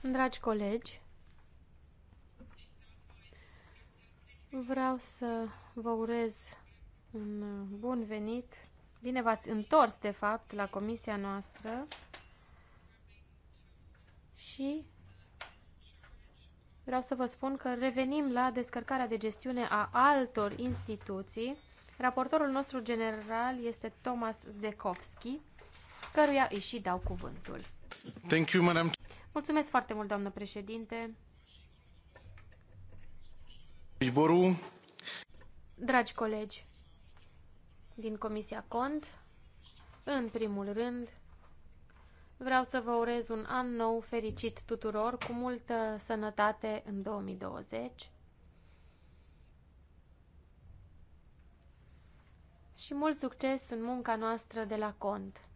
Dragi colegi, vreau să vă urez un bun venit. Bine v-ați întors, de fapt, la comisia noastră și vreau să vă spun că revenim la descărcarea de gestiune a altor instituții. Raportorul nostru general este Thomas Zdekowski, căruia îi și dau cuvântul. Thank you, madam. Mulțumesc foarte mult, doamnă președinte. Iboru. Dragi colegi din Comisia Cont, în primul rând, vreau să vă urez un an nou fericit tuturor, cu multă sănătate în 2020 și mult succes în munca noastră de la Cont.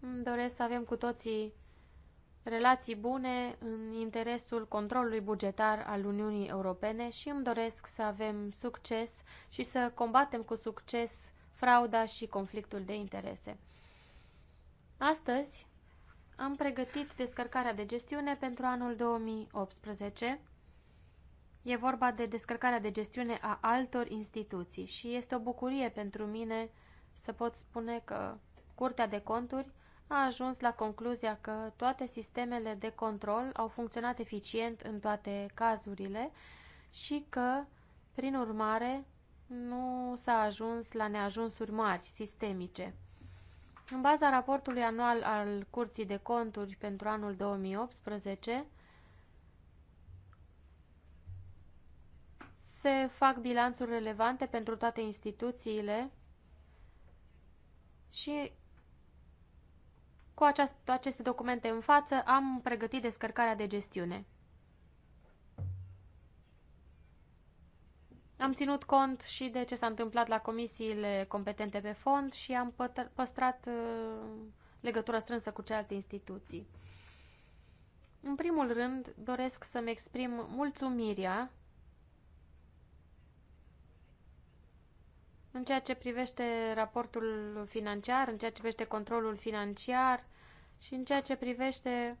Îmi doresc să avem cu toții relații bune în interesul controlului bugetar al Uniunii Europene și îmi doresc să avem succes și să combatem cu succes frauda și conflictul de interese. Astăzi am pregătit descărcarea de gestiune pentru anul 2018. E vorba de descărcarea de gestiune a altor instituții și este o bucurie pentru mine să pot spune că Curtea de Conturi a ajuns la concluzia că toate sistemele de control au funcționat eficient în toate cazurile și că, prin urmare, nu s-a ajuns la neajunsuri mari, sistemice. În baza raportului anual al Curții de Conturi pentru anul 2018, se fac bilanțuri relevante pentru toate instituțiile și cu aceast, aceste documente în față am pregătit descărcarea de gestiune. Am ținut cont și de ce s-a întâmplat la comisiile competente pe fond și am păstrat uh, legătura strânsă cu celelalte instituții. În primul rând, doresc să-mi exprim mulțumirea în ceea ce privește raportul financiar, în ceea ce privește controlul financiar și în ceea ce privește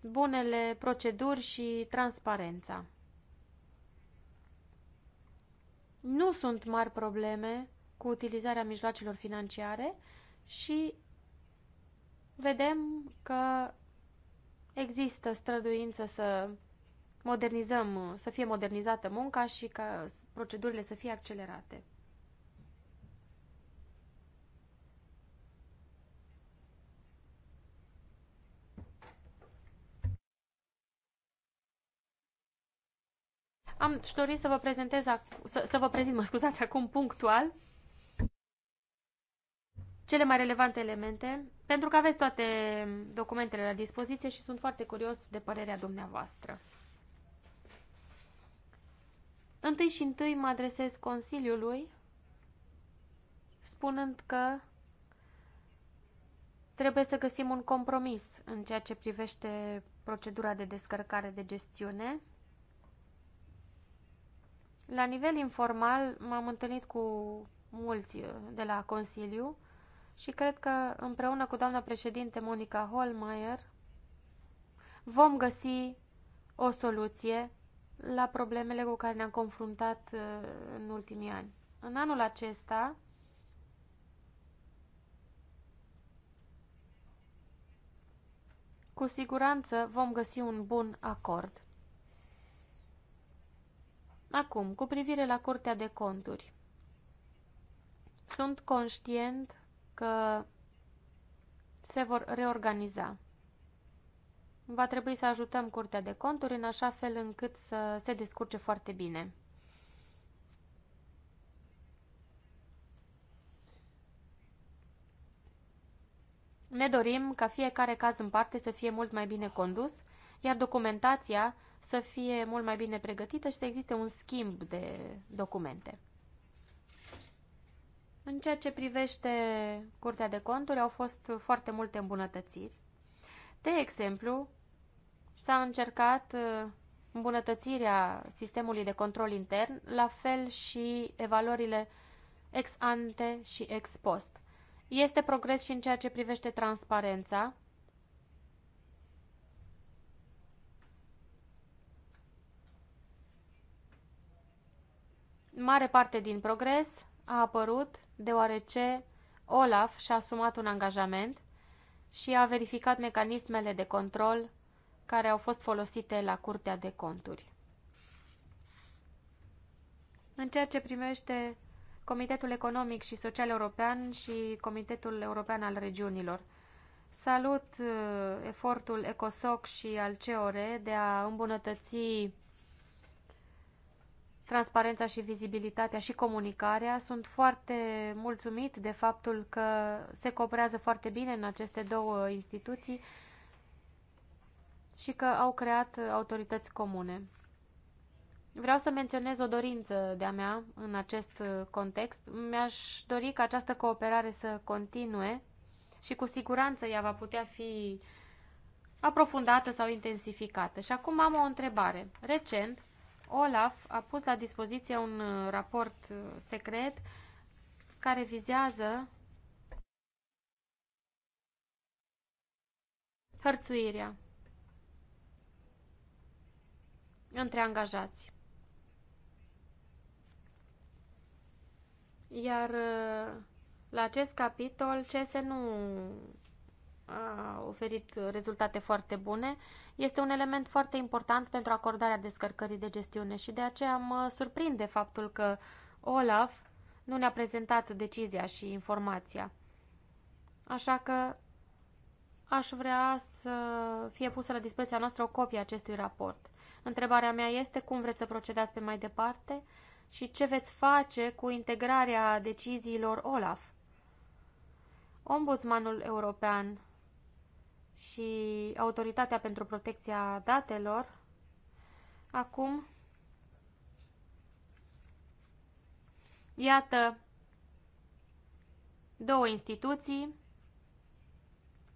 bunele proceduri și transparența. Nu sunt mari probleme cu utilizarea mijloacelor financiare și vedem că există străduință să modernizăm, să fie modernizată munca și ca procedurile să fie accelerate. Am și dorit să vă prezentez, să, să vă prezint, mă scuzați, acum punctual cele mai relevante elemente, pentru că aveți toate documentele la dispoziție și sunt foarte curios de părerea dumneavoastră. Întâi și întâi mă adresez Consiliului, spunând că trebuie să găsim un compromis în ceea ce privește procedura de descărcare de gestiune. La nivel informal m-am întâlnit cu mulți uh, de la Consiliu și cred că împreună cu doamna președinte Monica Holmeier vom găsi o soluție la problemele cu care ne-am confruntat uh, în ultimii ani. În anul acesta, cu siguranță vom găsi un bun acord. Acum, cu privire la Curtea de Conturi. Sunt conștient că se vor reorganiza va trebui să ajutăm Curtea de Conturi în așa fel încât să se descurce foarte bine. Ne dorim ca fiecare caz în parte să fie mult mai bine condus, iar documentația să fie mult mai bine pregătită și să existe un schimb de documente. În ceea ce privește Curtea de Conturi, au fost foarte multe îmbunătățiri. De exemplu, S-a încercat uh, îmbunătățirea sistemului de control intern, la fel și evaluările ex ante și ex post. Este progres și în ceea ce privește transparența. Mare parte din progres a apărut deoarece Olaf și-a asumat un angajament și a verificat mecanismele de control care au fost folosite la Curtea de Conturi. În ceea ce primește Comitetul Economic și Social European și Comitetul European al Regiunilor, salut uh, efortul ECOSOC și al CEOR de a îmbunătăți transparența și vizibilitatea și comunicarea. Sunt foarte mulțumit de faptul că se cooperează foarte bine în aceste două instituții și că au creat autorități comune. Vreau să menționez o dorință de-a mea în acest context. Mi-aș dori ca această cooperare să continue și cu siguranță ea va putea fi aprofundată sau intensificată. Și acum am o întrebare. Recent, Olaf a pus la dispoziție un raport secret care vizează hărțuirea. între angajați. Iar uh, la acest capitol, CS nu a oferit rezultate foarte bune. Este un element foarte important pentru acordarea descărcării de gestiune și de aceea mă surprinde faptul că Olaf nu ne-a prezentat decizia și informația. Așa că aș vrea să fie pusă la dispoziția noastră o copie a acestui raport. Întrebarea mea este cum vreți să procedați pe mai departe și ce veți face cu integrarea deciziilor OLAF. Ombudsmanul European și Autoritatea pentru Protecția Datelor acum Iată două instituții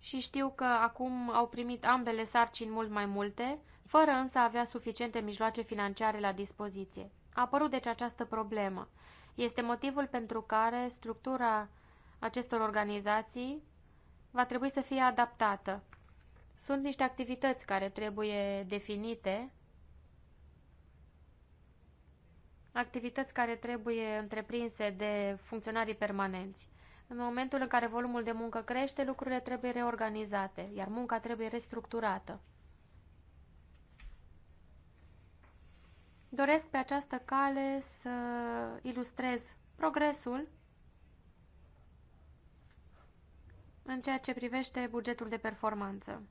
și știu că acum au primit ambele sarcini mult mai multe, fără însă a avea suficiente mijloace financiare la dispoziție. A apărut deci această problemă. Este motivul pentru care structura acestor organizații va trebui să fie adaptată. Sunt niște activități care trebuie definite, activități care trebuie întreprinse de funcționarii permanenți. În momentul în care volumul de muncă crește, lucrurile trebuie reorganizate, iar munca trebuie restructurată. Doresc pe această cale să ilustrez progresul în ceea ce privește bugetul de performanță.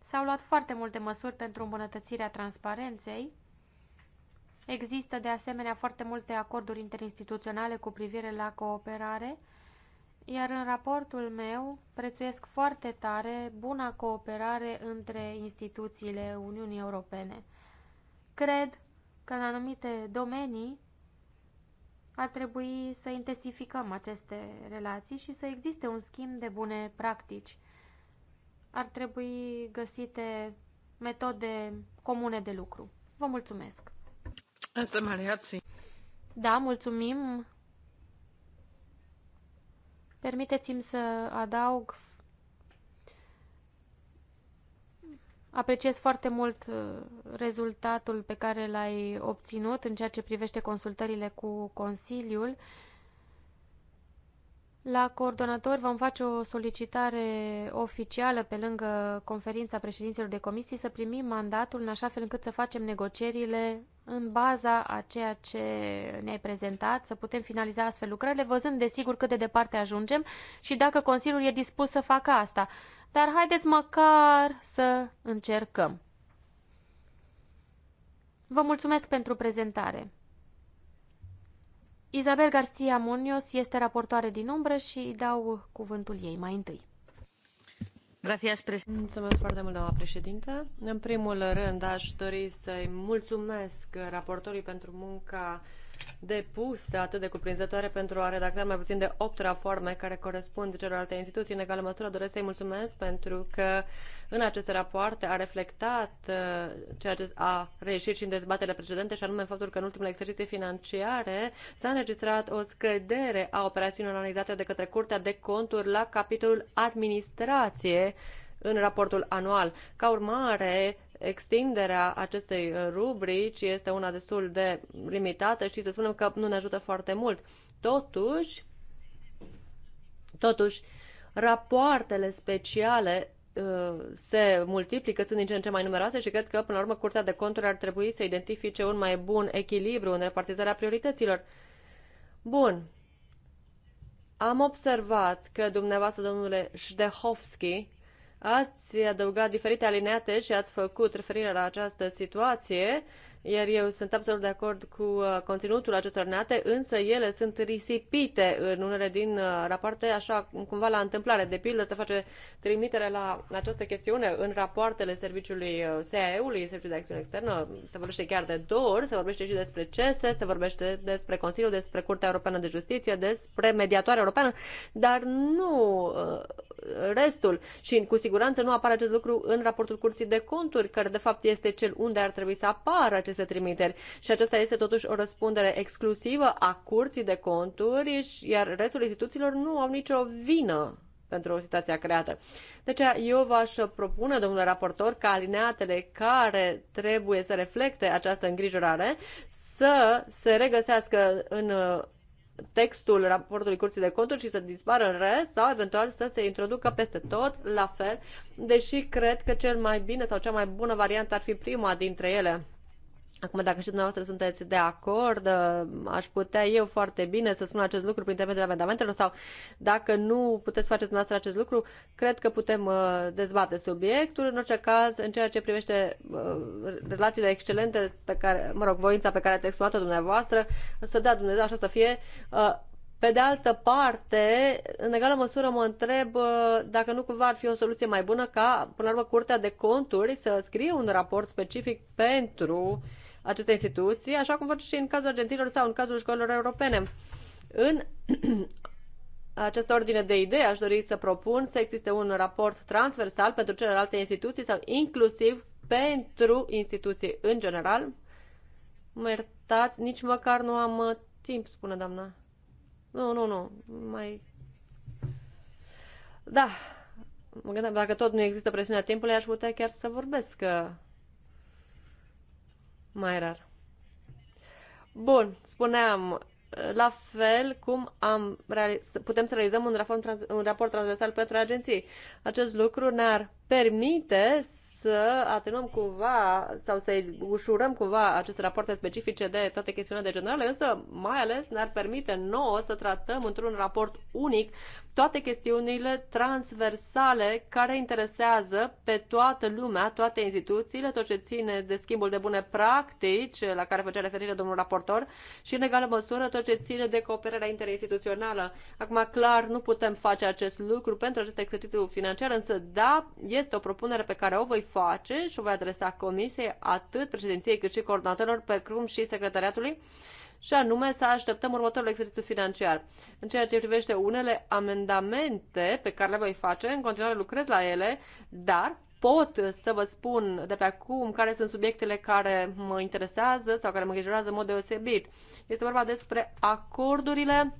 S-au luat foarte multe măsuri pentru îmbunătățirea transparenței. Există de asemenea foarte multe acorduri interinstituționale cu privire la cooperare, iar în raportul meu prețuiesc foarte tare buna cooperare între instituțiile Uniunii Europene. Cred că în anumite domenii ar trebui să intensificăm aceste relații și să existe un schimb de bune practici. Ar trebui găsite metode comune de lucru. Vă mulțumesc! Asta mă Da, mulțumim! Permiteți-mi să adaug Apreciez foarte mult uh, rezultatul pe care l-ai obținut în ceea ce privește consultările cu Consiliul. La coordonator vom face o solicitare oficială pe lângă conferința președinților de comisii să primim mandatul în așa fel încât să facem negocierile în baza a ceea ce ne-ai prezentat, să putem finaliza astfel lucrările, văzând desigur cât de departe ajungem și dacă Consiliul e dispus să facă asta dar haideți măcar să încercăm. Vă mulțumesc pentru prezentare. Isabel Garcia Munoz este raportoare din umbră și dau cuvântul ei mai întâi. Mulțumesc foarte mult, doamna președintă. În primul rând, aș dori să-i mulțumesc raportorii pentru munca uh, depuse atât de cuprinzătoare pentru a redacta mai puțin de 8 raforme care corespund celorlalte instituții. În egală măsură doresc să-i mulțumesc pentru că în aceste rapoarte a reflectat uh, ceea ce a reieșit și în dezbatele precedente și anume faptul că în ultimele exerciții financiare s-a înregistrat o scădere a operațiunilor analizate de către Curtea de Conturi la capitolul administrație în raportul anual. Ca urmare, extinderea acestei rubrici este una destul de limitată și să spunem că nu ne ajută foarte mult. Totuși, totuși rapoartele speciale uh, se multiplică, sunt din ce în ce mai numeroase și cred că, până la urmă, Curtea de Conturi ar trebui să identifice un mai bun echilibru în repartizarea priorităților. Bun. Am observat că dumneavoastră, domnule Șdehovski, Ați adăugat diferite alineate și ați făcut referire la această situație iar eu sunt absolut de acord cu uh, conținutul acestor nate, însă ele sunt risipite în unele din uh, rapoarte, așa cumva la întâmplare. De pildă se face trimitere la această chestiune în rapoartele serviciului SAE-ului, uh, Serviciul de Acțiune Externă, se vorbește chiar de două ori, se vorbește și despre CESE, se vorbește despre Consiliul, despre Curtea Europeană de Justiție, despre mediatoarea europeană, dar nu restul și cu siguranță nu apare acest lucru în raportul Curții de Conturi, care de fapt este cel unde ar trebui să apară acest aceste trimiteri. Și aceasta este totuși o răspundere exclusivă a curții de conturi, iar restul instituțiilor nu au nicio vină pentru o situație creată. Deci eu v-aș propune, domnule raportor, ca alineatele care trebuie să reflecte această îngrijorare să se regăsească în uh, textul raportului Curții de Conturi și să dispară în rest sau eventual să se introducă peste tot la fel, deși cred că cel mai bine sau cea mai bună variantă ar fi prima dintre ele Acum, dacă și dumneavoastră sunteți de acord, uh, aș putea eu foarte bine să spun acest lucru prin intermediul amendamentelor sau dacă nu puteți face dumneavoastră acest lucru, cred că putem uh, dezbate subiectul. În orice caz, în ceea ce privește uh, relațiile excelente pe care, mă rog, voința pe care ați exprimat-o dumneavoastră, să dea Dumnezeu așa să fie, pe de altă parte, în egală măsură mă întreb dacă nu cumva ar fi o soluție mai bună ca, până la urmă, Curtea de Conturi să scrie un raport specific pentru uh, aceste instituții, așa cum face și în cazul agențiilor sau în cazul școlilor europene. În această ordine de idei aș dori să propun să existe un raport transversal pentru celelalte instituții sau inclusiv pentru instituții în general. Mă iertați, nici măcar nu am uh, timp, spune doamna. Nu, nu, nu, mai... Da, mă gândeam, dacă tot nu există presiunea timpului, aș putea chiar să vorbesc uh, mai rar. Bun, spuneam, la fel cum am putem să realizăm un raport, trans- un raport transversal pentru agenții. Acest lucru ne-ar permite să atenuăm cumva sau să ușurăm cumva aceste rapoarte specifice de toate chestiunile de generale, însă mai ales ne-ar permite nouă să tratăm într-un raport unic toate chestiunile transversale care interesează pe toată lumea, toate instituțiile, tot ce ține de schimbul de bune practici, la care făcea referire domnul raportor, și în egală măsură tot ce ține de cooperarea interinstituțională. Acum, clar, nu putem face acest lucru pentru acest exercițiu financiar, însă, da, este o propunere pe care o voi face și o voi adresa comisiei, atât președinției cât și coordonatorilor, pe crum și secretariatului, și anume să așteptăm următorul exercițiu financiar. În ceea ce privește unele amendamente pe care le voi face, în continuare lucrez la ele, dar pot să vă spun de pe acum care sunt subiectele care mă interesează sau care mă îngrijorează în mod deosebit. Este vorba despre acordurile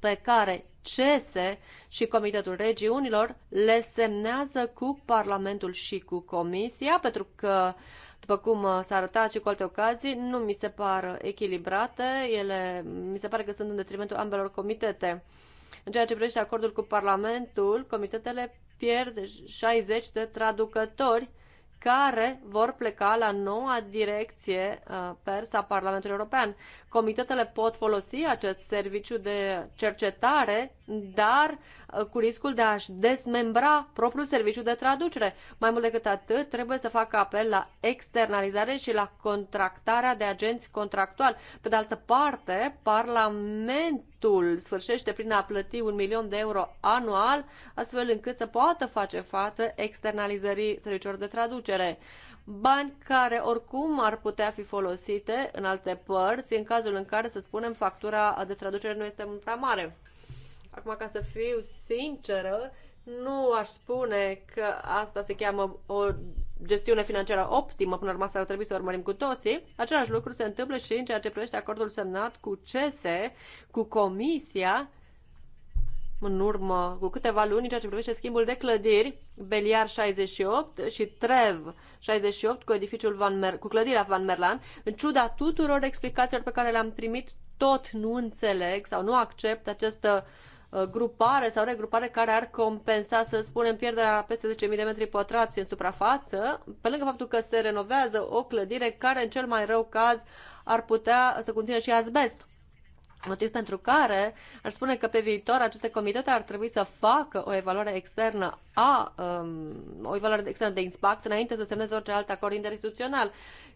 pe care CESE și Comitetul Regiunilor le semnează cu Parlamentul și cu Comisia, pentru că după cum uh, s-a arătat și cu alte ocazii, nu mi se par echilibrate, ele mi se pare că sunt în detrimentul ambelor comitete. În ceea ce privește acordul cu Parlamentul, comitetele pierd 60 de traducători care vor pleca la noua direcție uh, Persa a Parlamentului European. Comitetele pot folosi acest serviciu de cercetare, dar uh, cu riscul de a-și desmembra propriul serviciu de traducere. Mai mult decât atât, trebuie să facă apel la externalizare și la contractarea de agenți contractuali. Pe de altă parte, Parlamentul proiectul sfârșește prin a plăti un milion de euro anual, astfel încât să poată face față externalizării serviciilor de traducere. Bani care oricum ar putea fi folosite în alte părți, în cazul în care, să spunem, factura de traducere nu este prea mare. Acum, ca să fiu sinceră, nu aș spune că asta se cheamă o gestiune financiară optimă, până la urmă ar trebui să urmărim cu toții. Același lucru se întâmplă și în ceea ce privește acordul semnat cu CESE, cu Comisia, în urmă cu câteva luni, în ceea ce privește schimbul de clădiri, Beliar 68 și Trev 68 cu edificiul Van Mer- cu clădirea Van Merlan, în ciuda tuturor explicațiilor pe care le-am primit, tot nu înțeleg sau nu accept această uh, Uh, grupare sau regrupare care ar compensa, să spunem, pierderea peste 10.000 de metri pătrați în suprafață, pe lângă faptul că se renovează o clădire care, în cel mai rău caz, ar putea să conțină și azbest. Motiv pentru care aș spune că pe viitor aceste comitete ar trebui să facă o evaluare externă a um, o evaluare externă de impact înainte să semneze orice alt acord interinstituțional.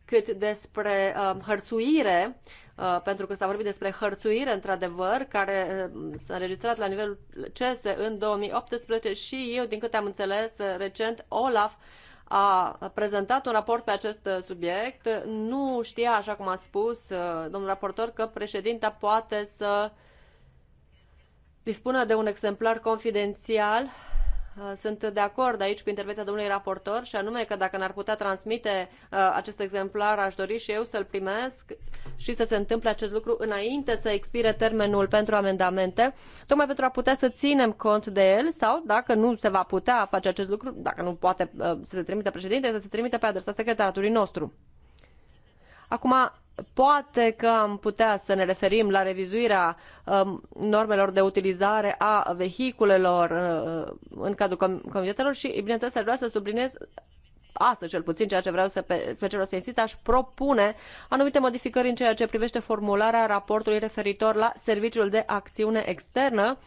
Cât despre um, hărțuire, Uh, pentru că s-a vorbit despre hărțuire, într-adevăr, care uh, s-a înregistrat la nivelul CESE în 2018 și eu, din câte am înțeles recent, Olaf a prezentat un raport pe acest uh, subiect. Nu știa, așa cum a spus domnul raportor, că președinta poate să dispună de un exemplar confidențial Uh, sunt de acord aici cu intervenția domnului raportor și anume că dacă n-ar putea transmite uh, acest exemplar, aș dori și eu să-l primesc și să se întâmple acest lucru înainte să expire termenul pentru amendamente, tocmai pentru a putea să ținem cont de el sau dacă nu se va putea face acest lucru, dacă nu poate uh, să se trimite președinte, să se trimite pe adresa secretaratului nostru. Acum, Poate că am putea să ne referim la revizuirea um, normelor de utilizare a vehiculelor uh, uh, în cadrul comitetelor și, bineînțeles, aș vrea să subliniez asta cel puțin ceea ce vreau să, pe ce vreau să insist, aș propune anumite modificări în ceea ce privește formularea raportului referitor la serviciul de acțiune externă,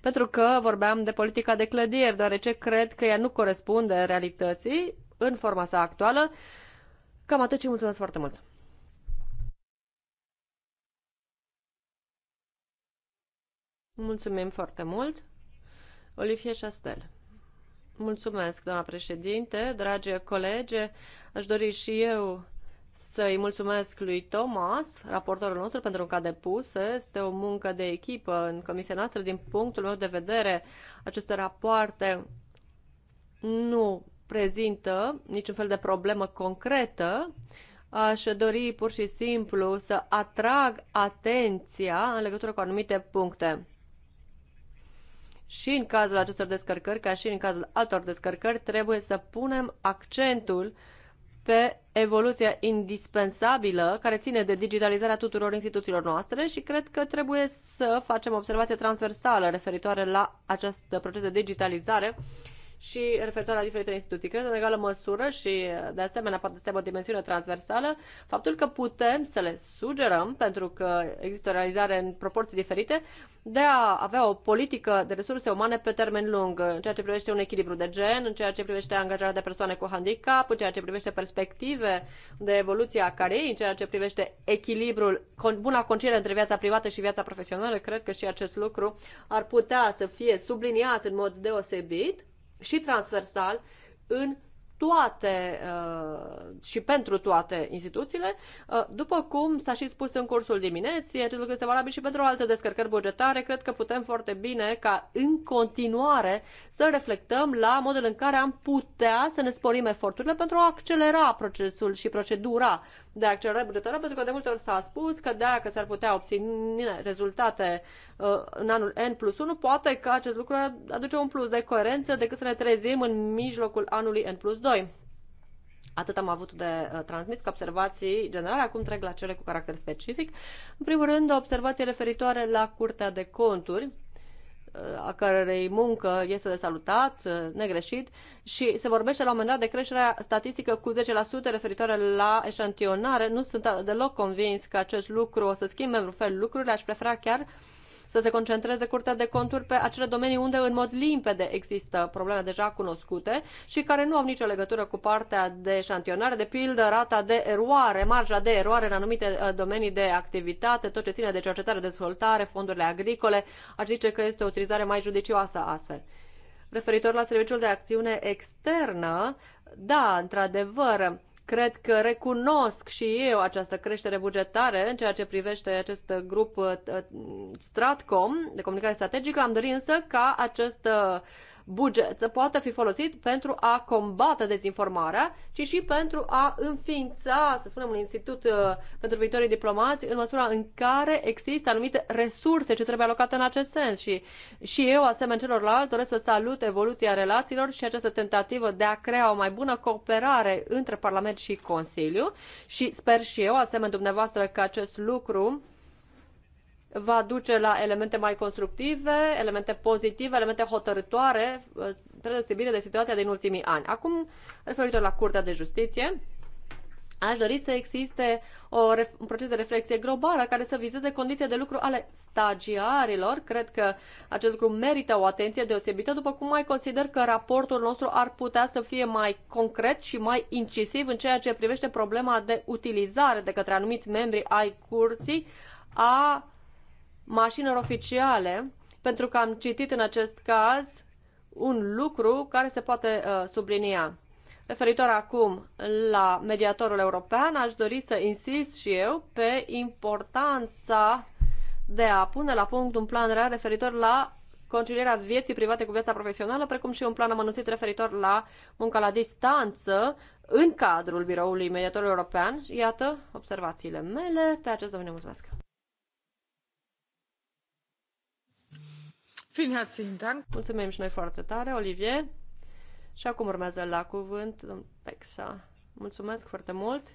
pentru că vorbeam de politica de clădiri, deoarece cred că ea nu corespunde realității în forma sa actuală. Cam atât și mulțumesc foarte mult! Mulțumim foarte mult. Olivier Chastel. Mulțumesc, doamna președinte, dragi colegi. Aș dori și eu să-i mulțumesc lui Thomas, raportorul nostru, pentru că a depus. Este o muncă de echipă în comisia noastră. Din punctul meu de vedere, aceste rapoarte nu prezintă niciun fel de problemă concretă. Aș dori pur și simplu să atrag atenția în legătură cu anumite puncte și în cazul acestor descărcări, ca și în cazul altor descărcări, trebuie să punem accentul pe evoluția indispensabilă care ține de digitalizarea tuturor instituțiilor noastre și cred că trebuie să facem observație transversală referitoare la acest proces de digitalizare și referitor la diferitele instituții. Cred în egală măsură și, de asemenea, poate să aibă o dimensiune transversală, faptul că putem să le sugerăm, pentru că există o realizare în proporții diferite, de a avea o politică de resurse umane pe termen lung, în ceea ce privește un echilibru de gen, în ceea ce privește angajarea de persoane cu handicap, în ceea ce privește perspective de evoluție a carierei, în ceea ce privește echilibrul, buna conciliere între viața privată și viața profesională, cred că și acest lucru ar putea să fie subliniat în mod deosebit și transversal în toate uh, și pentru toate instituțiile. Uh, după cum s-a și spus în cursul dimineții, acest lucru este valabil și pentru alte descărcări bugetare. Cred că putem foarte bine ca în continuare să reflectăm la modul în care am putea să ne sporim eforturile pentru a accelera procesul și procedura de accelerare bugetară, pentru că de multe ori s-a spus că dacă s-ar putea obține rezultate uh, în anul N plus 1, poate că acest lucru aduce un plus de coerență decât să ne trezim în mijlocul anului N plus 2. Atât am avut de uh, transmis ca observații generale, acum trec la cele cu caracter specific. În primul rând, observații referitoare la Curtea de Conturi a cărei muncă este de salutat, uh, negreșit, și se vorbește la un moment dat de creșterea statistică cu 10% referitoare la eșantionare. Nu sunt deloc convins că acest lucru o să schimbe în fel lucrurile, aș prefera chiar să se concentreze Curtea de Conturi pe acele domenii unde în mod limpede există probleme deja cunoscute și care nu au nicio legătură cu partea de șantionare, de pildă rata de eroare, marja de eroare în anumite uh, domenii de activitate, tot ce ține de cercetare, dezvoltare, fondurile agricole, aș zice că este o utilizare mai judicioasă astfel. Referitor la serviciul de acțiune externă, da, într-adevăr, Cred că recunosc și eu această creștere bugetare în ceea ce privește acest grup uh, Stratcom de comunicare strategică. Am dorit însă ca acest uh, buget să poată fi folosit pentru a combate dezinformarea, ci și pentru a înființa, să spunem, un institut uh, pentru viitorii diplomați în măsura în care există anumite resurse ce trebuie alocate în acest sens. Și, și eu, asemenea celorlalți, doresc să salut evoluția relațiilor și această tentativă de a crea o mai bună cooperare între Parlament și Consiliu și sper și eu, asemenea dumneavoastră, că acest lucru va duce la elemente mai constructive, elemente pozitive, elemente hotărătoare, spre uh, deosebire de situația din ultimii ani. Acum, referitor la Curtea de Justiție, aș dori să existe o, un proces de reflexie globală care să vizeze condiții de lucru ale stagiarilor. Cred că acest lucru merită o atenție deosebită, după cum mai consider că raportul nostru ar putea să fie mai concret și mai incisiv în ceea ce privește problema de utilizare de către anumiți membri ai curții a mașinilor oficiale, pentru că am citit în acest caz un lucru care se poate uh, sublinia. Referitor acum la mediatorul european, aș dori să insist și eu pe importanța de a pune la punct un plan real referitor la concilierea vieții private cu viața profesională, precum și un plan amănunțit referitor la munca la distanță în cadrul biroului mediatorului european. Iată observațiile mele pe acest domeniu. Mulțumesc! Mulțumim și noi foarte tare, Olivier. Și acum urmează la cuvânt Pexa. Mulțumesc foarte mult.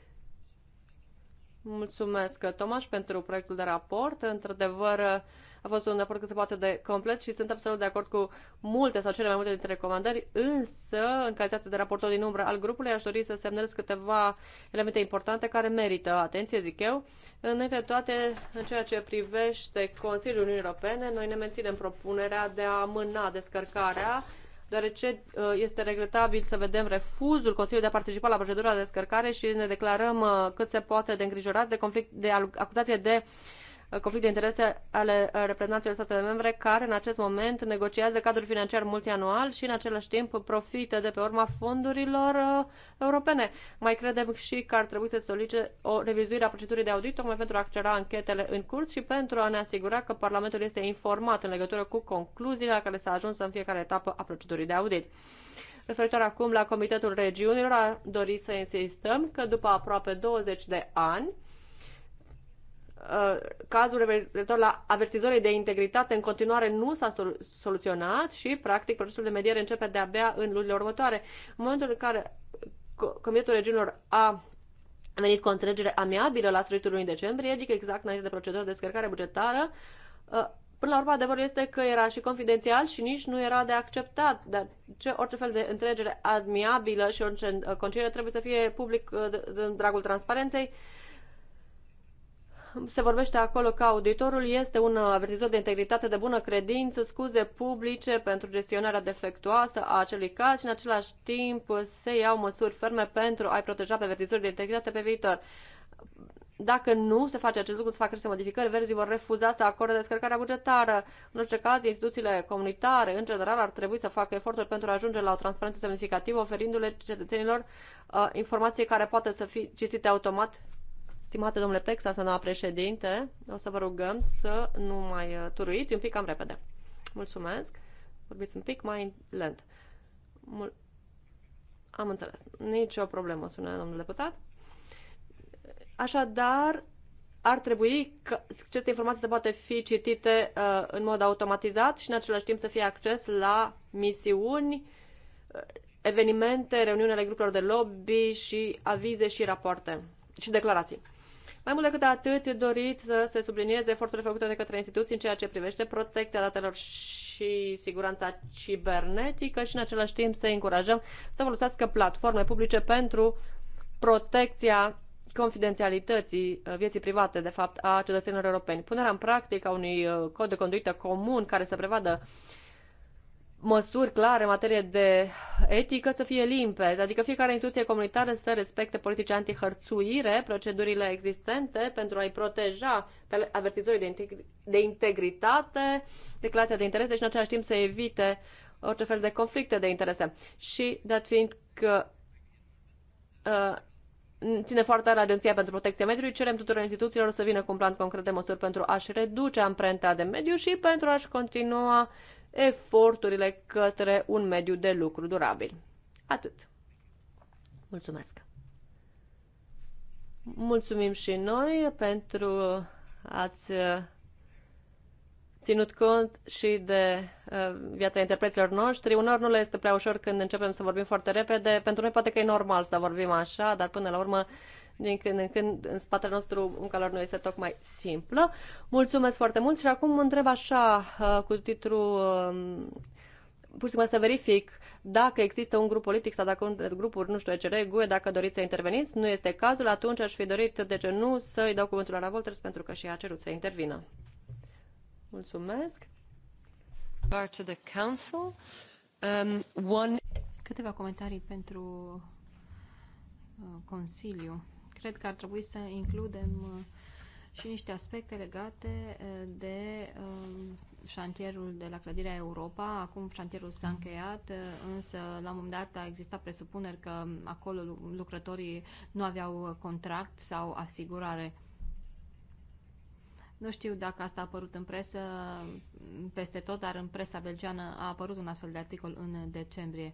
Mulțumesc, Tomaș, pentru proiectul de raport. Într-adevăr, a fost un raport cât se poate de complet și sunt absolut de acord cu multe sau cele mai multe dintre recomandări, însă, în calitate de raportor din umbră al grupului, aș dori să semnez câteva elemente importante care merită atenție, zic eu. Înainte de toate, în ceea ce privește Consiliul Uniunii Europene, noi ne menținem propunerea de a amâna descărcarea deoarece uh, este regretabil să vedem refuzul Consiliului de a participa la procedura de descărcare și ne declarăm uh, cât se poate de îngrijorați de conflict de acuzație de conflict de interese ale uh, reprezentanților statelor membre care în acest moment negociază cadrul financiar multianual și în același timp profită de pe urma fondurilor uh, europene. Mai credem și că ar trebui să solicite o revizuire a procedurii de audit tocmai pentru a accelera anchetele în curs și pentru a ne asigura că Parlamentul este informat în legătură cu concluziile la care s-a ajuns în fiecare etapă a procedurii de audit. Referitor acum la Comitetul Regiunilor, a dorit să insistăm că după aproape 20 de ani, Uh, cazul referitor la avertizorii de integritate în continuare nu s-a soluționat și, practic, procesul de mediere începe de-abia în lunile următoare. În momentul în care Comitetul Regiunilor a venit cu o înțelegere amiabilă la sfârșitul lunii decembrie, adică exact înainte de procedura de descărcare bugetară, uh, Până la urmă, adevărul este că era și confidențial și nici nu era de acceptat, dar ce, orice fel de înțelegere amiabilă și orice uh, conciliere trebuie să fie public în dragul transparenței se vorbește acolo că auditorul este un avertizor de integritate de bună credință, scuze publice pentru gestionarea defectuoasă a acelui caz și în același timp se iau măsuri ferme pentru a-i proteja pe avertizorul de integritate pe viitor. Dacă nu se face acest lucru, se fac aceste modificări, verzii vor refuza să acorde descărcarea bugetară. În orice caz, instituțiile comunitare, în general, ar trebui să facă eforturi pentru a ajunge la o transparență semnificativă, oferindu-le cetățenilor uh, informații care poate să fie citite automat Stimate domnule Pexa, doamna președinte, o să vă rugăm să nu mai uh, turuiți un pic cam repede. Mulțumesc. Vorbiți un pic mai lent. Mul- Am înțeles. Nici o problemă, spune domnul deputat. Așadar, ar trebui ca aceste informații să poată fi citite uh, în mod automatizat și în același timp să fie acces la misiuni, uh, evenimente, reuniunile grupurilor de lobby și avize și rapoarte și declarații. Mai mult decât atât, doriți să se sublinieze eforturile făcute de către instituții în ceea ce privește protecția datelor și siguranța cibernetică și în același timp să încurajăm să folosească platforme publice pentru protecția confidențialității uh, vieții private, de fapt, a cetățenilor europeni. Punerea în practică a unui uh, cod de conduită comun care să prevadă uh, măsuri clare în materie de etică să fie limpezi, adică fiecare instituție comunitară să respecte politici antihărțuire, procedurile existente pentru a-i proteja pe avertizorii de, integri- de integritate, declarația de interese și în același timp să evite orice fel de conflicte de interese. Și dat fiind că uh, ține foarte tare Agenția pentru Protecția Mediului, cerem tuturor instituțiilor să vină cu un plan concret de măsuri pentru a-și reduce amprenta de mediu și pentru a-și continua eforturile către un mediu de lucru durabil. Atât. Mulțumesc! Mulțumim și noi pentru ați uh, ținut cont și de uh, viața interpreților noștri. Unor nu le este prea ușor când începem să vorbim foarte repede. Pentru noi poate că e normal să vorbim așa, dar până la urmă din când în când în spatele nostru munca lor nu este tocmai simplă. Mulțumesc foarte mult și acum mă întreb așa uh, cu titlu um, pur și simplu să verific dacă există un grup politic sau dacă un grup nu știu, ECR, GUE, dacă doriți să interveniți, nu este cazul, atunci aș fi dorit, de ce nu, să-i dau cuvântul la Ravolters pentru că și ea a cerut să intervină. Mulțumesc. To the council. Um, one... Câteva comentarii pentru uh, Consiliu. Cred că ar trebui să includem uh, și niște aspecte legate uh, de uh, șantierul de la clădirea Europa. Acum șantierul s-a încheiat, însă la un moment dat a existat presupuneri că acolo lucrătorii nu aveau contract sau asigurare. Nu știu dacă asta a apărut în presă peste tot, dar în presa belgeană a apărut un astfel de articol în decembrie.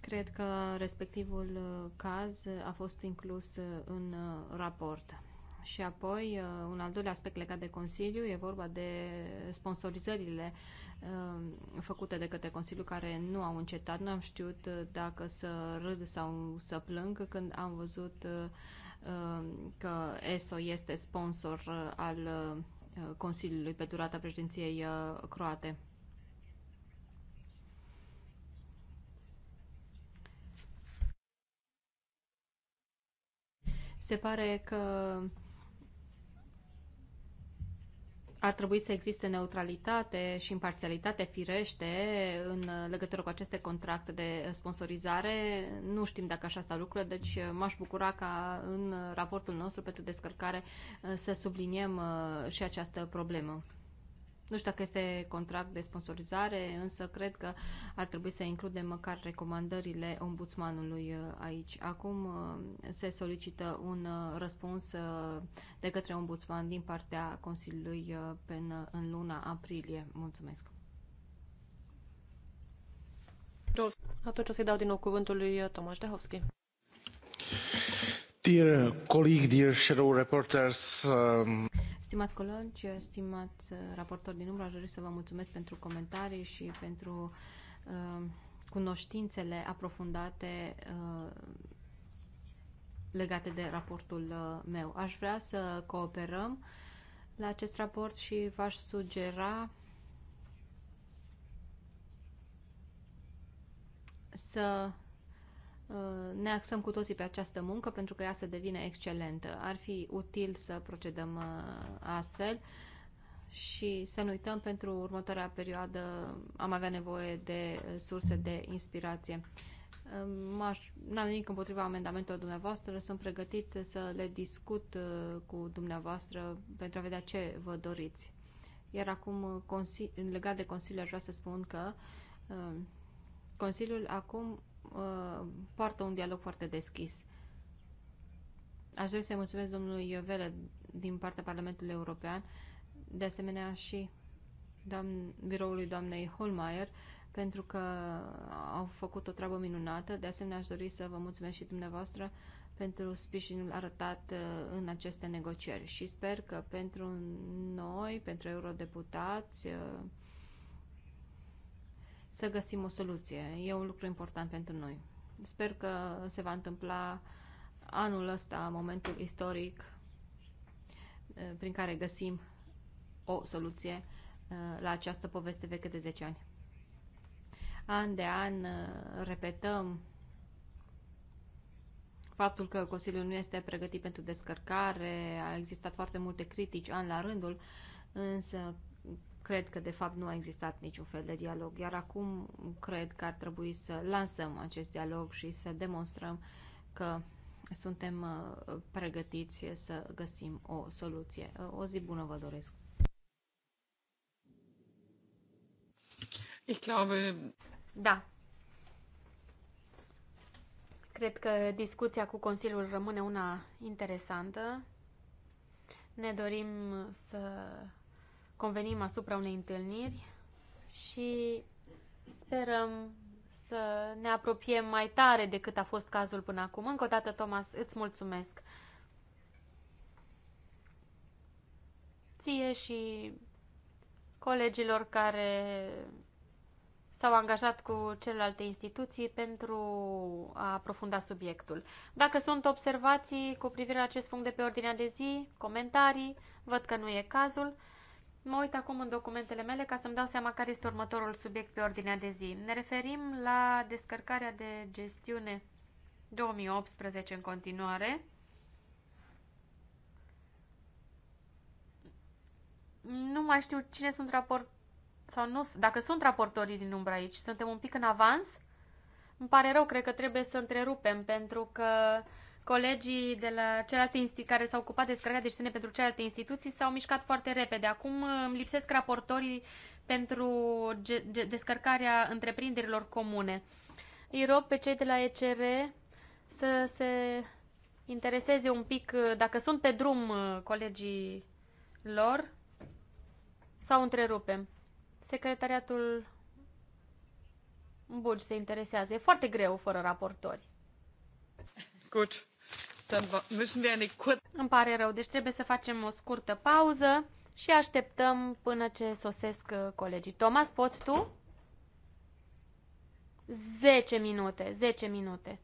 Cred că respectivul uh, caz uh, a fost inclus uh, în raport. Și apoi, un al doilea aspect legat de Consiliu e vorba de sponsorizările făcute de către Consiliu care nu au încetat. Nu am știut dacă să râd sau să plâng când am văzut că ESO este sponsor al Consiliului pe durata președinției croate. Se pare că ar trebui să existe neutralitate și imparțialitate firește în legătură cu aceste contracte de sponsorizare. Nu știm dacă așa stau lucrurile, deci m-aș bucura ca în raportul nostru pentru descărcare să subliniem uh, și această problemă. Nu știu dacă este contract de sponsorizare, însă cred că ar trebui să includem măcar recomandările ombudsmanului uh, aici. Acum uh, se solicită un uh, răspuns de către ombudsman din partea Consiliului până în luna aprilie. Mulțumesc! Atunci o să-i dau din nou cuvântul lui Tomaș Dehovski. Dear colleague, dear shadow reporters, um... Stimați colegi, stimați uh, raportori din umbră, aș dori să vă mulțumesc pentru comentarii și pentru uh, cunoștințele aprofundate uh, legate de raportul meu. Aș vrea să cooperăm la acest raport și v-aș sugera să ne axăm cu toții pe această muncă pentru că ea să devine excelentă. Ar fi util să procedăm uh, astfel și să nu uităm pentru următoarea perioadă am avea nevoie de uh, surse de inspirație. Um, n-am nimic împotriva amendamentelor dumneavoastră, sunt pregătit să le discut uh, cu dumneavoastră pentru a vedea ce vă doriți. Iar acum, legat de Consiliu, aș vrea să spun că Consiliul acum Uh, poartă un dialog foarte deschis. Aș dori să-i mulțumesc domnului Iovele din partea Parlamentului European, de asemenea și doamn, biroului doamnei Holmeier, pentru că au făcut o treabă minunată. De asemenea, aș dori să vă mulțumesc și dumneavoastră pentru sprijinul arătat uh, în aceste negocieri și sper că pentru noi, pentru eurodeputați, uh, să găsim o soluție. E un lucru important pentru noi. Sper că se va întâmpla anul ăsta, momentul istoric eh, prin care găsim o soluție eh, la această poveste veche de 10 ani. An de an eh, repetăm faptul că Consiliul nu este pregătit pentru descărcare, a existat foarte multe critici an la rândul, însă cred că de fapt nu a existat niciun fel de dialog, iar acum cred că ar trebui să lansăm acest dialog și să demonstrăm că suntem uh, pregătiți să găsim o soluție. Uh, o zi bună vă doresc! Ich glaube... Da. Cred că discuția cu Consiliul rămâne una interesantă. Ne dorim să convenim asupra unei întâlniri și sperăm să ne apropiem mai tare decât a fost cazul până acum. Încă o dată, Thomas, îți mulțumesc. Ție și colegilor care s-au angajat cu celelalte instituții pentru a aprofunda subiectul. Dacă sunt observații cu privire la acest punct de pe ordinea de zi, comentarii, văd că nu e cazul. Mă uit acum în documentele mele ca să-mi dau seama care este următorul subiect pe ordinea de zi. Ne referim la descărcarea de gestiune 2018 în continuare. Nu mai știu cine sunt raport sau nu, dacă sunt raportorii din umbră aici. Suntem un pic în avans. Îmi pare rău, cred că trebuie să întrerupem pentru că Colegii de la celelalte instituții care s-au ocupat de scrierea de gestiune pentru celelalte instituții s-au mișcat foarte repede. Acum uh, îmi lipsesc raportorii pentru descărcarea întreprinderilor comune. Îi rog pe cei de la ECR să se intereseze un pic uh, dacă sunt pe drum uh, colegii lor sau întrerupem. Secretariatul Bugi se interesează. E foarte greu fără raportori. Good. Îmi pare rău, deci trebuie să facem o scurtă pauză și așteptăm până ce sosesc uh, colegii. Thomas, poți tu? 10 minute, 10 minute.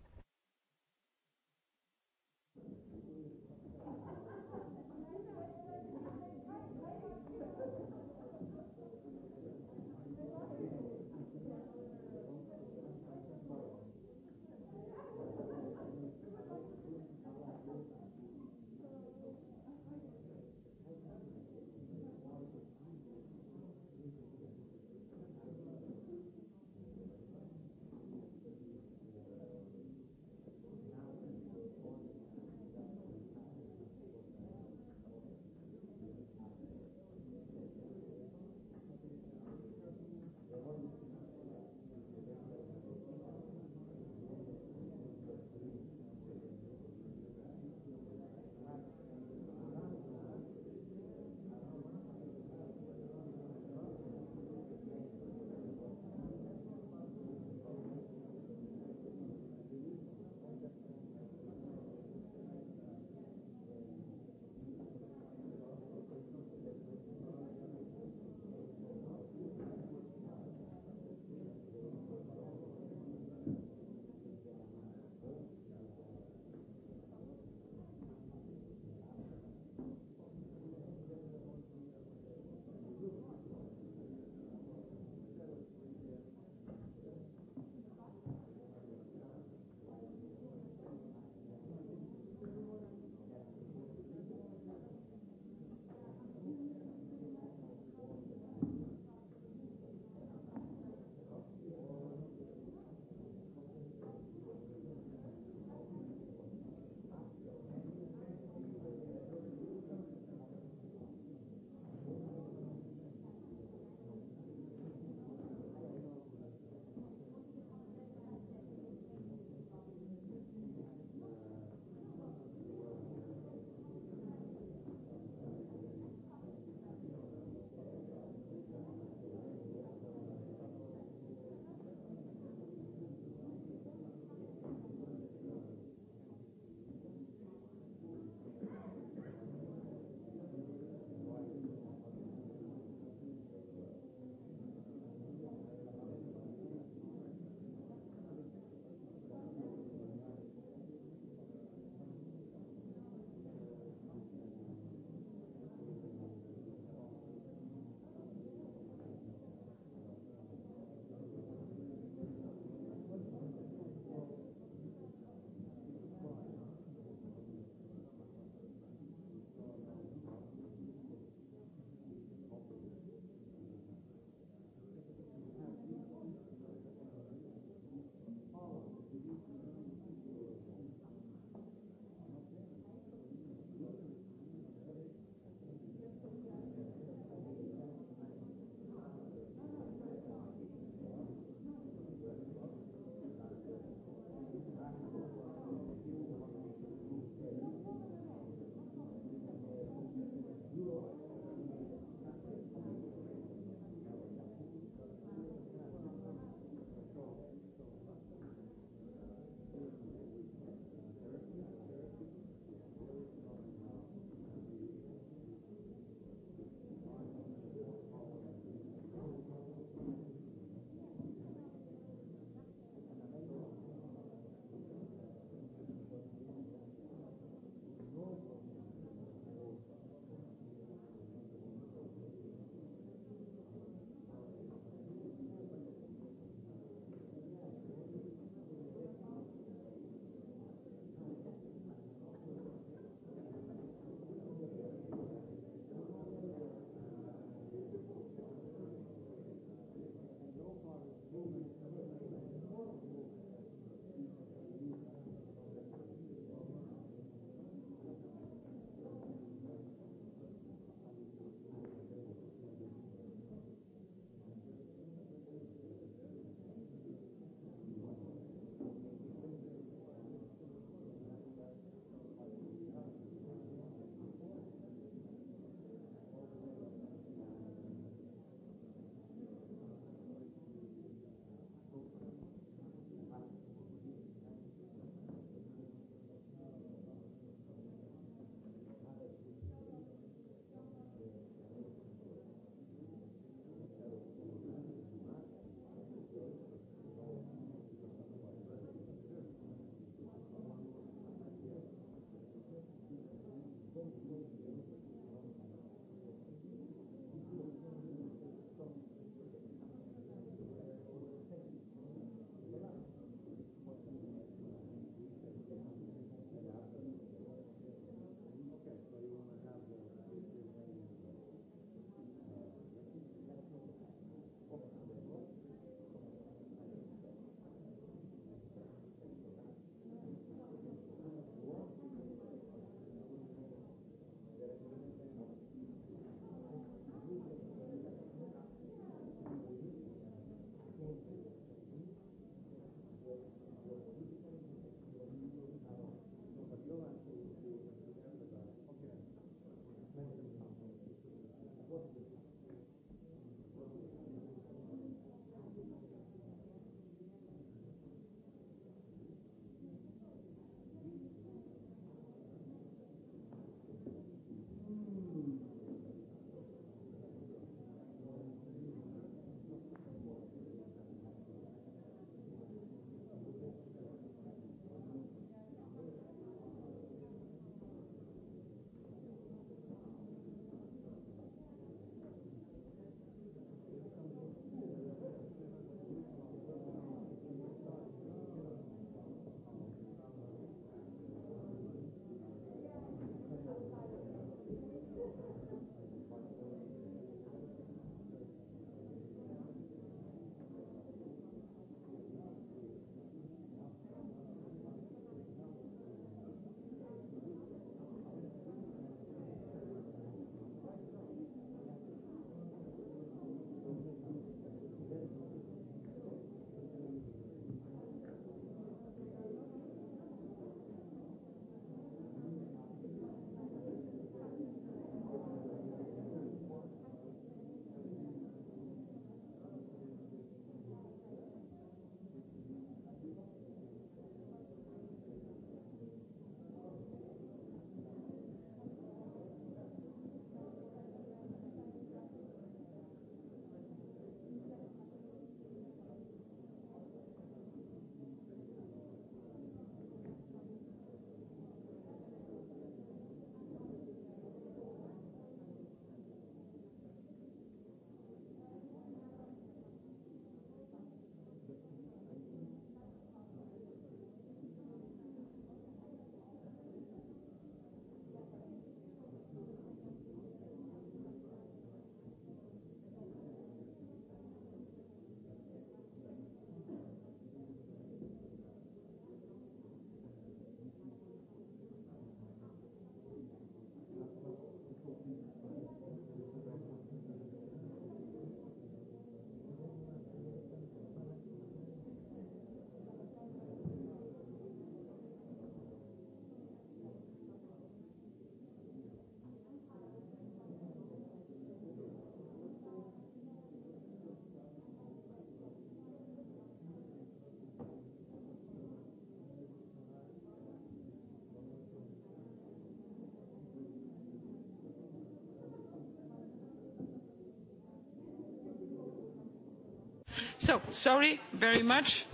So, sorry very much.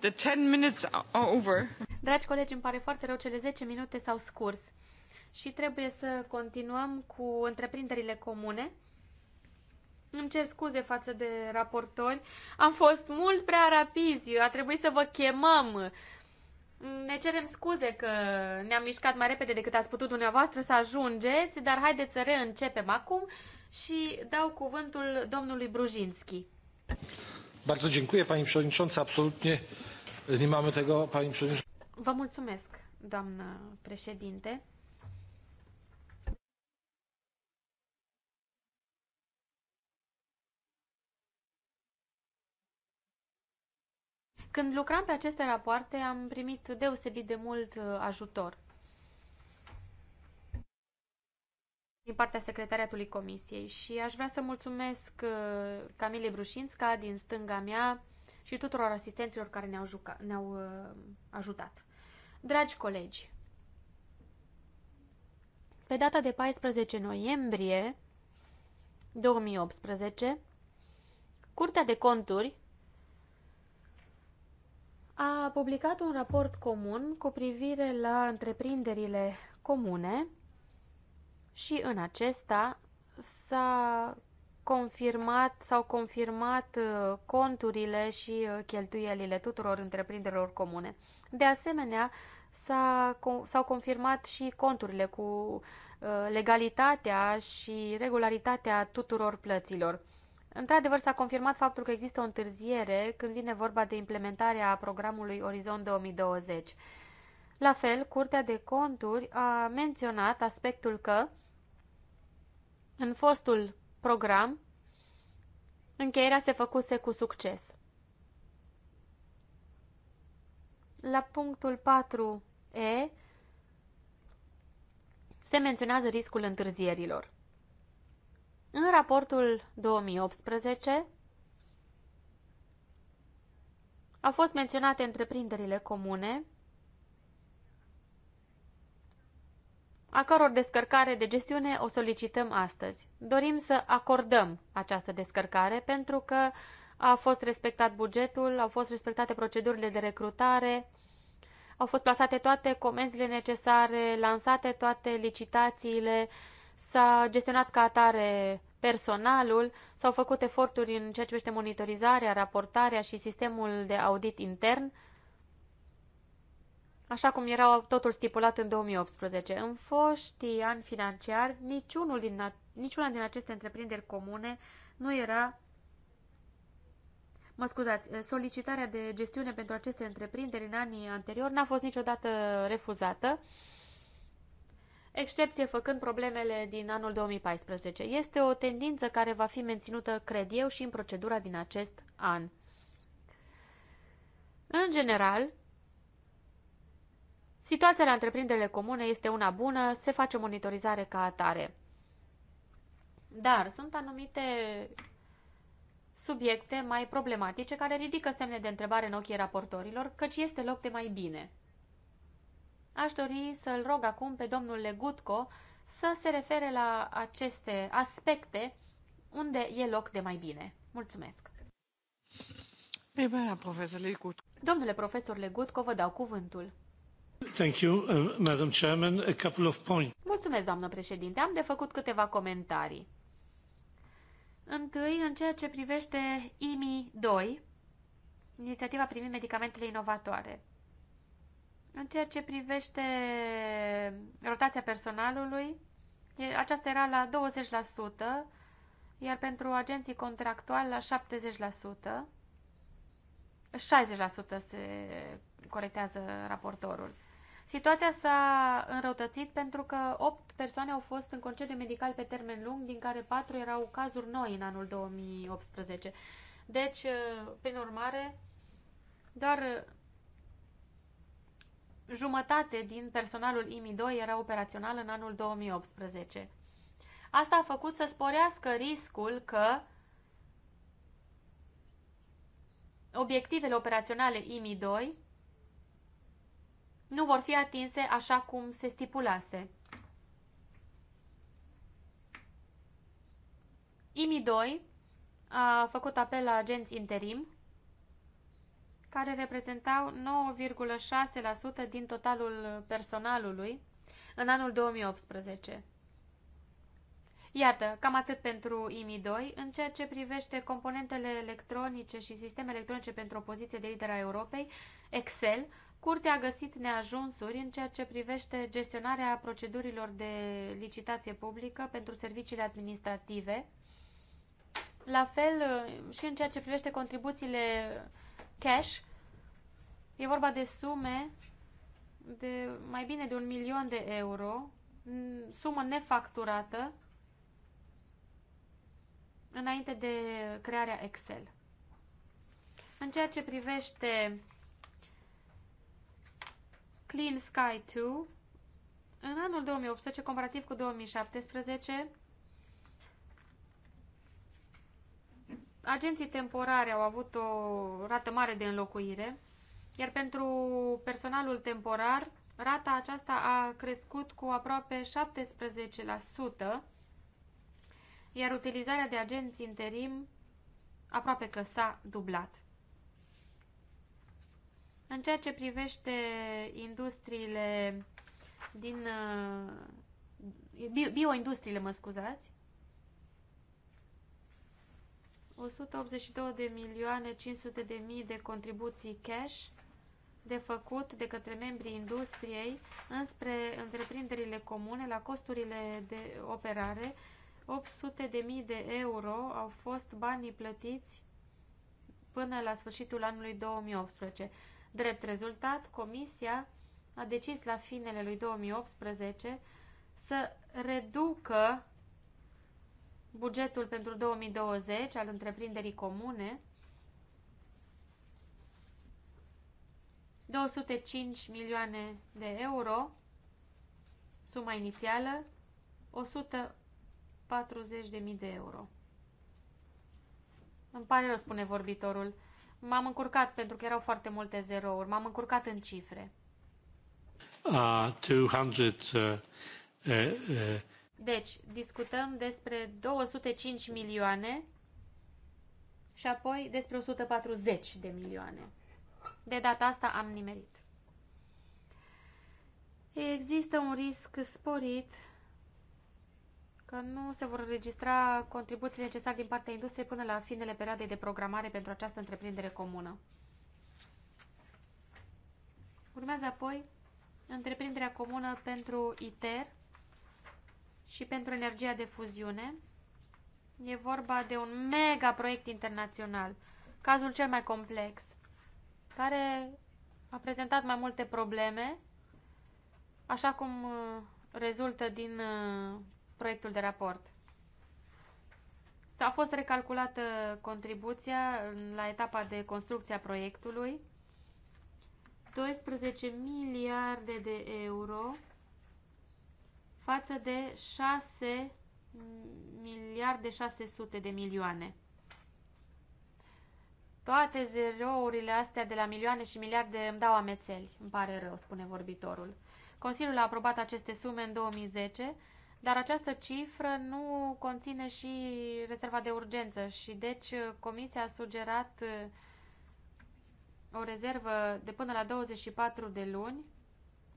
The 10 minutes are over. Dragi colegi, îmi pare foarte rău, cele 10 minute s-au scurs și trebuie să continuăm cu întreprinderile comune. Îmi cer scuze față de raportori. Am fost mult prea rapizi, a trebuit să vă chemăm. Ne cerem scuze că ne-am mișcat mai repede decât ați putut dumneavoastră să ajungeți, dar haideți să reîncepem acum și dau cuvântul domnului Brujinski. Bardzo dziękuję, pani przewodnicząca. Absolutnie nie mamy tego, pani przewodnicząca. Vă mulțumesc, doamnă președinte. Când lucram pe aceste rapoarte, am primit deosebit de mult ajutor. din partea secretariatului comisiei și aș vrea să mulțumesc uh, Camilei Brușinska din stânga mea și tuturor asistenților care ne-au, ne uh, ajutat. Dragi colegi, pe data de 14 noiembrie 2018, Curtea de Conturi a publicat un raport comun cu privire la întreprinderile comune și în acesta s-a confirmat, s-au confirmat uh, conturile și uh, cheltuielile tuturor întreprinderilor comune. De asemenea, s-au confirmat și conturile cu uh, legalitatea și regularitatea tuturor plăților. Într-adevăr, s-a confirmat faptul că există o întârziere când vine vorba de implementarea programului Orizont 2020. La fel, Curtea de Conturi a menționat aspectul că în fostul program, încheierea se făcuse cu succes. La punctul 4e se menționează riscul întârzierilor. În raportul 2018 au fost menționate întreprinderile comune a căror descărcare de gestiune o solicităm astăzi. Dorim să acordăm această descărcare pentru că a fost respectat bugetul, au fost respectate procedurile de recrutare, au fost plasate toate comenzile necesare, lansate toate licitațiile, s-a gestionat ca atare personalul, s-au făcut eforturi în ceea ce privește monitorizarea, raportarea și sistemul de audit intern, așa cum erau totul stipulat în 2018. În foștii ani financiari, niciunul din, niciuna din aceste întreprinderi comune nu era Mă scuzați, solicitarea de gestiune pentru aceste întreprinderi în anii anteriori n-a fost niciodată refuzată, excepție făcând problemele din anul 2014. Este o tendință care va fi menținută, cred eu, și în procedura din acest an. În general, Situația la întreprinderile comune este una bună, se face monitorizare ca atare. Dar sunt anumite subiecte mai problematice care ridică semne de întrebare în ochii raportorilor, căci este loc de mai bine. Aș dori să-l rog acum pe domnul Legutco să se refere la aceste aspecte unde e loc de mai bine. Mulțumesc! Ei bine, profesor Legutco. Domnule profesor Legutco, vă dau cuvântul. Uh, Mulțumesc, doamnă președinte. Am de făcut câteva comentarii. Întâi, în ceea ce privește IMI 2, inițiativa privind medicamentele inovatoare. În ceea ce privește rotația personalului, aceasta era la 20%, iar pentru agenții contractuali la 70%, 60% se corectează raportorul. Situația s-a înrăutățit pentru că 8 persoane au fost în concediu medical pe termen lung, din care 4 erau cazuri noi în anul 2018. Deci, eh, prin urmare, doar eh, jumătate din personalul IMI-2 era operațional în anul 2018. Asta a făcut să sporească riscul că obiectivele operaționale IMI-2 nu vor fi atinse așa cum se stipulase. IMI 2 a făcut apel la agenți interim, care reprezentau 9,6% din totalul personalului în anul 2018. Iată, cam atât pentru IMI 2. În ceea ce privește componentele electronice și sisteme electronice pentru o poziție de lider a Europei, Excel Curtea a găsit neajunsuri în ceea ce privește gestionarea procedurilor de licitație publică pentru serviciile administrative, la fel uh, și în ceea ce privește contribuțiile cash. E vorba de sume de mai bine de un milion de euro, sumă nefacturată, înainte de crearea Excel. În ceea ce privește Clean Sky 2, în anul 2018, comparativ cu 2017, agenții temporare au avut o rată mare de înlocuire, iar pentru personalul temporar, rata aceasta a crescut cu aproape 17%, iar utilizarea de agenți interim aproape că s-a dublat. În ceea ce privește industriile din uh, bioindustriile, mă scuzați, 182 de milioane 500 de mii de contribuții cash de făcut de către membrii industriei înspre întreprinderile comune la costurile de operare. 800 de mii de euro au fost banii plătiți până la sfârșitul anului 2018. Drept rezultat, Comisia a decis la finele lui 2018 să reducă bugetul pentru 2020 al întreprinderii comune 205 milioane de euro, suma inițială 140.000 de euro. Îmi pare rău, spune vorbitorul. M-am încurcat pentru că erau foarte multe zerouri. M-am încurcat în cifre. Ah, uh, 200, uh, uh, Deci, discutăm despre 205 milioane și apoi despre 140 de milioane. De data asta am nimerit. Există un risc sporit că nu se vor registra contribuții necesare din partea industriei până la finele perioadei de programare pentru această întreprindere comună. Urmează apoi întreprinderea comună pentru ITER și pentru energia de fuziune. E vorba de un mega proiect internațional, cazul cel mai complex, care a prezentat mai multe probleme, așa cum uh, rezultă din uh, proiectul de raport. S-a fost recalculată contribuția la etapa de construcție a proiectului. 12 miliarde de euro față de 6 miliarde 600 de milioane. Toate zerourile astea de la milioane și miliarde îmi dau amețeli. Îmi pare rău, spune vorbitorul. Consiliul a aprobat aceste sume în 2010 dar această cifră nu conține și rezerva de urgență și deci Comisia a sugerat uh, o rezervă de până la 24 de luni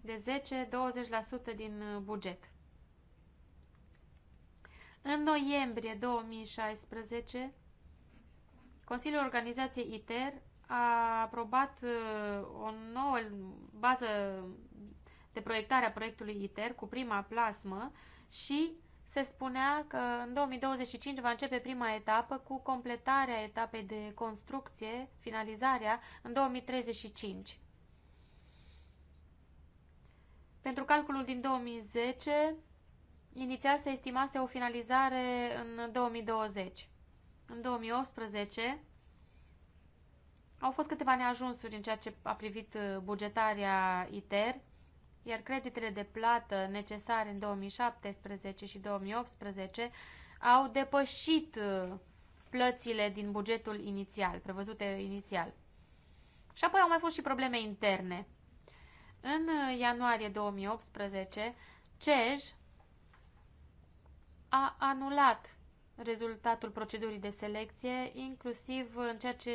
de 10-20% din uh, buget. În noiembrie 2016, Consiliul Organizației ITER a aprobat uh, o nouă bază de proiectare a proiectului ITER cu prima plasmă, și se spunea că în 2025 va începe prima etapă cu completarea etapei de construcție, finalizarea, în 2035. Pentru calculul din 2010, inițial se estimase o finalizare în 2020. În 2018 au fost câteva neajunsuri în ceea ce a privit uh, bugetarea ITER, iar creditele de plată necesare în 2017 și 2018 au depășit uh, plățile din bugetul inițial, prevăzute inițial. Și apoi au mai fost și probleme interne. În uh, ianuarie 2018, CEJ a anulat rezultatul procedurii de selecție, inclusiv în ceea ce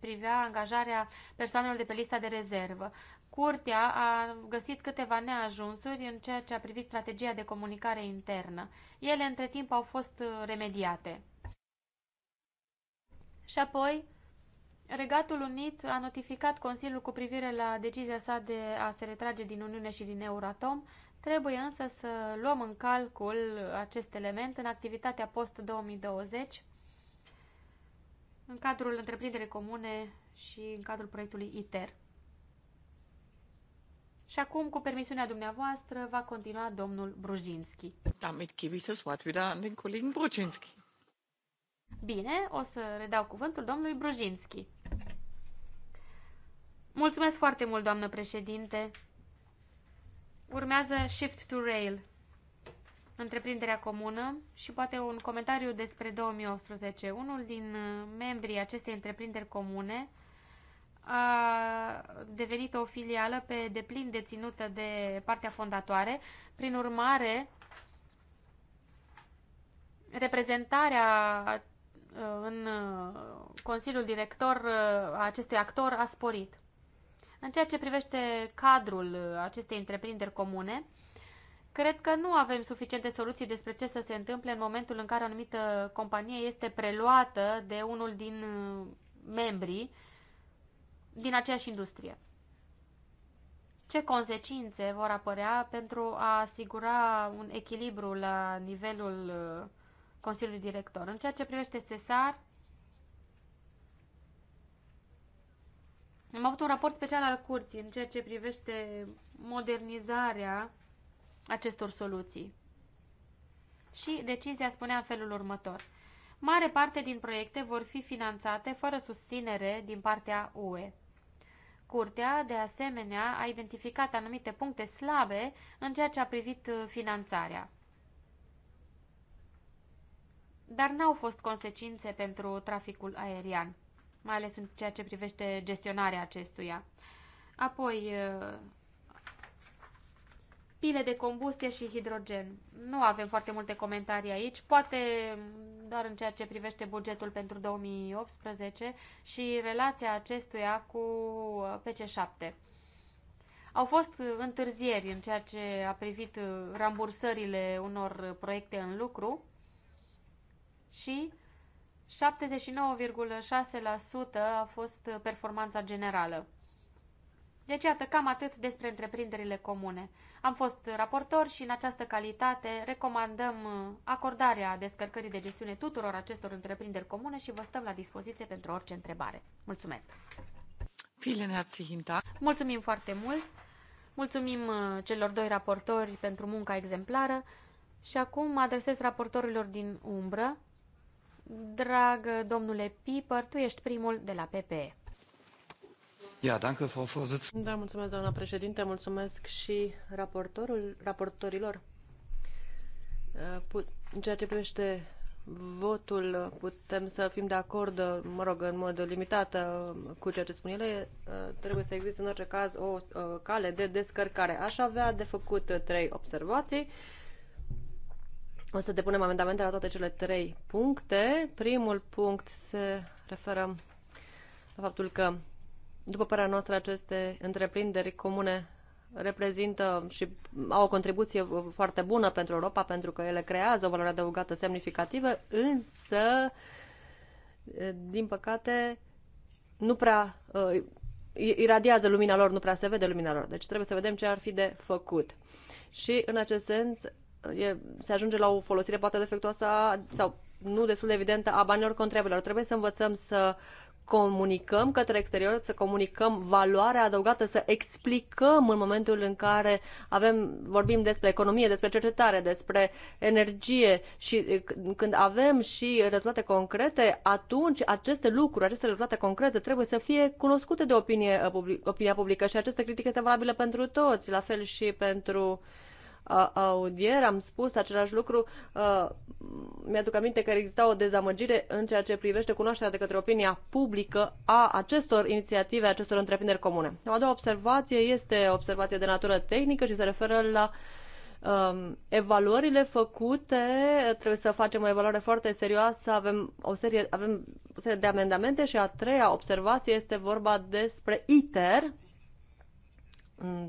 privea angajarea persoanelor de pe lista de rezervă. Curtea a găsit câteva neajunsuri în ceea ce a privit strategia de comunicare internă. Ele între timp au fost uh, remediate. Și apoi, Regatul Unit a notificat Consiliul cu privire la decizia sa de a se retrage din Uniune și din Euratom. Trebuie însă să luăm în calcul acest element în activitatea post-2020 în cadrul întreprinderii comune și în cadrul proiectului ITER. Și acum, cu permisiunea dumneavoastră, va continua domnul Brujinski. Damit gebe ich das Wort wieder an den Kollegen Brujinski. Bine, o să redau cuvântul domnului Brujinski. Mulțumesc foarte mult, doamnă președinte. Urmează Shift to Rail, întreprinderea comună și poate un comentariu despre 2018. Unul din membrii acestei întreprinderi comune a devenit o filială pe deplin deținută de partea fondatoare. Prin urmare, reprezentarea uh, în uh, Consiliul Director uh, a acestui actor a sporit. În ceea ce privește cadrul acestei întreprinderi comune, cred că nu avem suficiente soluții despre ce să se întâmple în momentul în care o anumită companie este preluată de unul din membrii din aceeași industrie. Ce consecințe vor apărea pentru a asigura un echilibru la nivelul uh, Consiliului Director? În ceea ce privește SESAR, am avut un raport special al curții în ceea ce privește modernizarea acestor soluții. Și decizia spunea în felul următor. Mare parte din proiecte vor fi finanțate fără susținere din partea UE. Curtea, de asemenea, a identificat anumite puncte slabe în ceea ce a privit uh, finanțarea. Dar n-au fost consecințe pentru traficul aerian, mai ales în ceea ce privește gestionarea acestuia. Apoi, uh, pile de combustie și hidrogen. Nu avem foarte multe comentarii aici. Poate doar în ceea ce privește bugetul pentru 2018 și relația acestuia cu uh, PC7. Au fost uh, întârzieri în ceea ce a privit uh, rambursările unor proiecte în lucru și 79,6% a fost performanța generală. Deci, iată, cam atât despre întreprinderile comune. Am fost raportor și în această calitate recomandăm uh, acordarea descărcării de gestiune tuturor acestor întreprinderi comune și vă stăm la dispoziție pentru orice întrebare. Mulțumesc! Mulțumim foarte mult! Mulțumim uh, celor doi raportori pentru munca exemplară și acum mă adresez raportorilor din umbră. Dragă domnule Piper, tu ești primul de la PPE. Da, mulțumesc, doamna președinte, mulțumesc și raportorul, raportorilor. Uh, în ceea ce privește votul, putem să fim de acord, mă rog, în mod limitat uh, cu ceea ce spun ele. Uh, trebuie să existe în orice caz o cale de descărcare. Aș avea de făcut trei observații. O să depunem amendamente la toate cele trei puncte. Primul punct se referă la faptul că după părerea noastră, aceste întreprinderi comune reprezintă și au o contribuție foarte bună pentru Europa, pentru că ele creează o valoare adăugată semnificativă, însă, din păcate, nu prea uh, iradiază lumina lor, nu prea se vede lumina lor. Deci trebuie să vedem ce ar fi de făcut. Și, în acest sens, e, se ajunge la o folosire poate defectuoasă sau nu destul de evidentă a banilor contribuilor. Trebuie să învățăm să comunicăm către exterior, să comunicăm valoarea adăugată, să explicăm în momentul în care avem, vorbim despre economie, despre cercetare, despre energie și eh, când avem și rezultate concrete, atunci aceste lucruri, aceste rezultate concrete trebuie să fie cunoscute de opinie, eh, opinia publică și această critică este valabilă pentru toți, la fel și pentru uh, audieri am spus același lucru. Mi-aduc aminte că exista o dezamăgire în ceea ce privește cunoașterea de către opinia publică a acestor inițiative, a acestor întreprinderi comune. O a doua observație este observație de natură tehnică și se referă la um, evaluările făcute, trebuie să facem o evaluare foarte serioasă, avem o serie, avem o serie de amendamente și a treia observație este vorba despre ITER,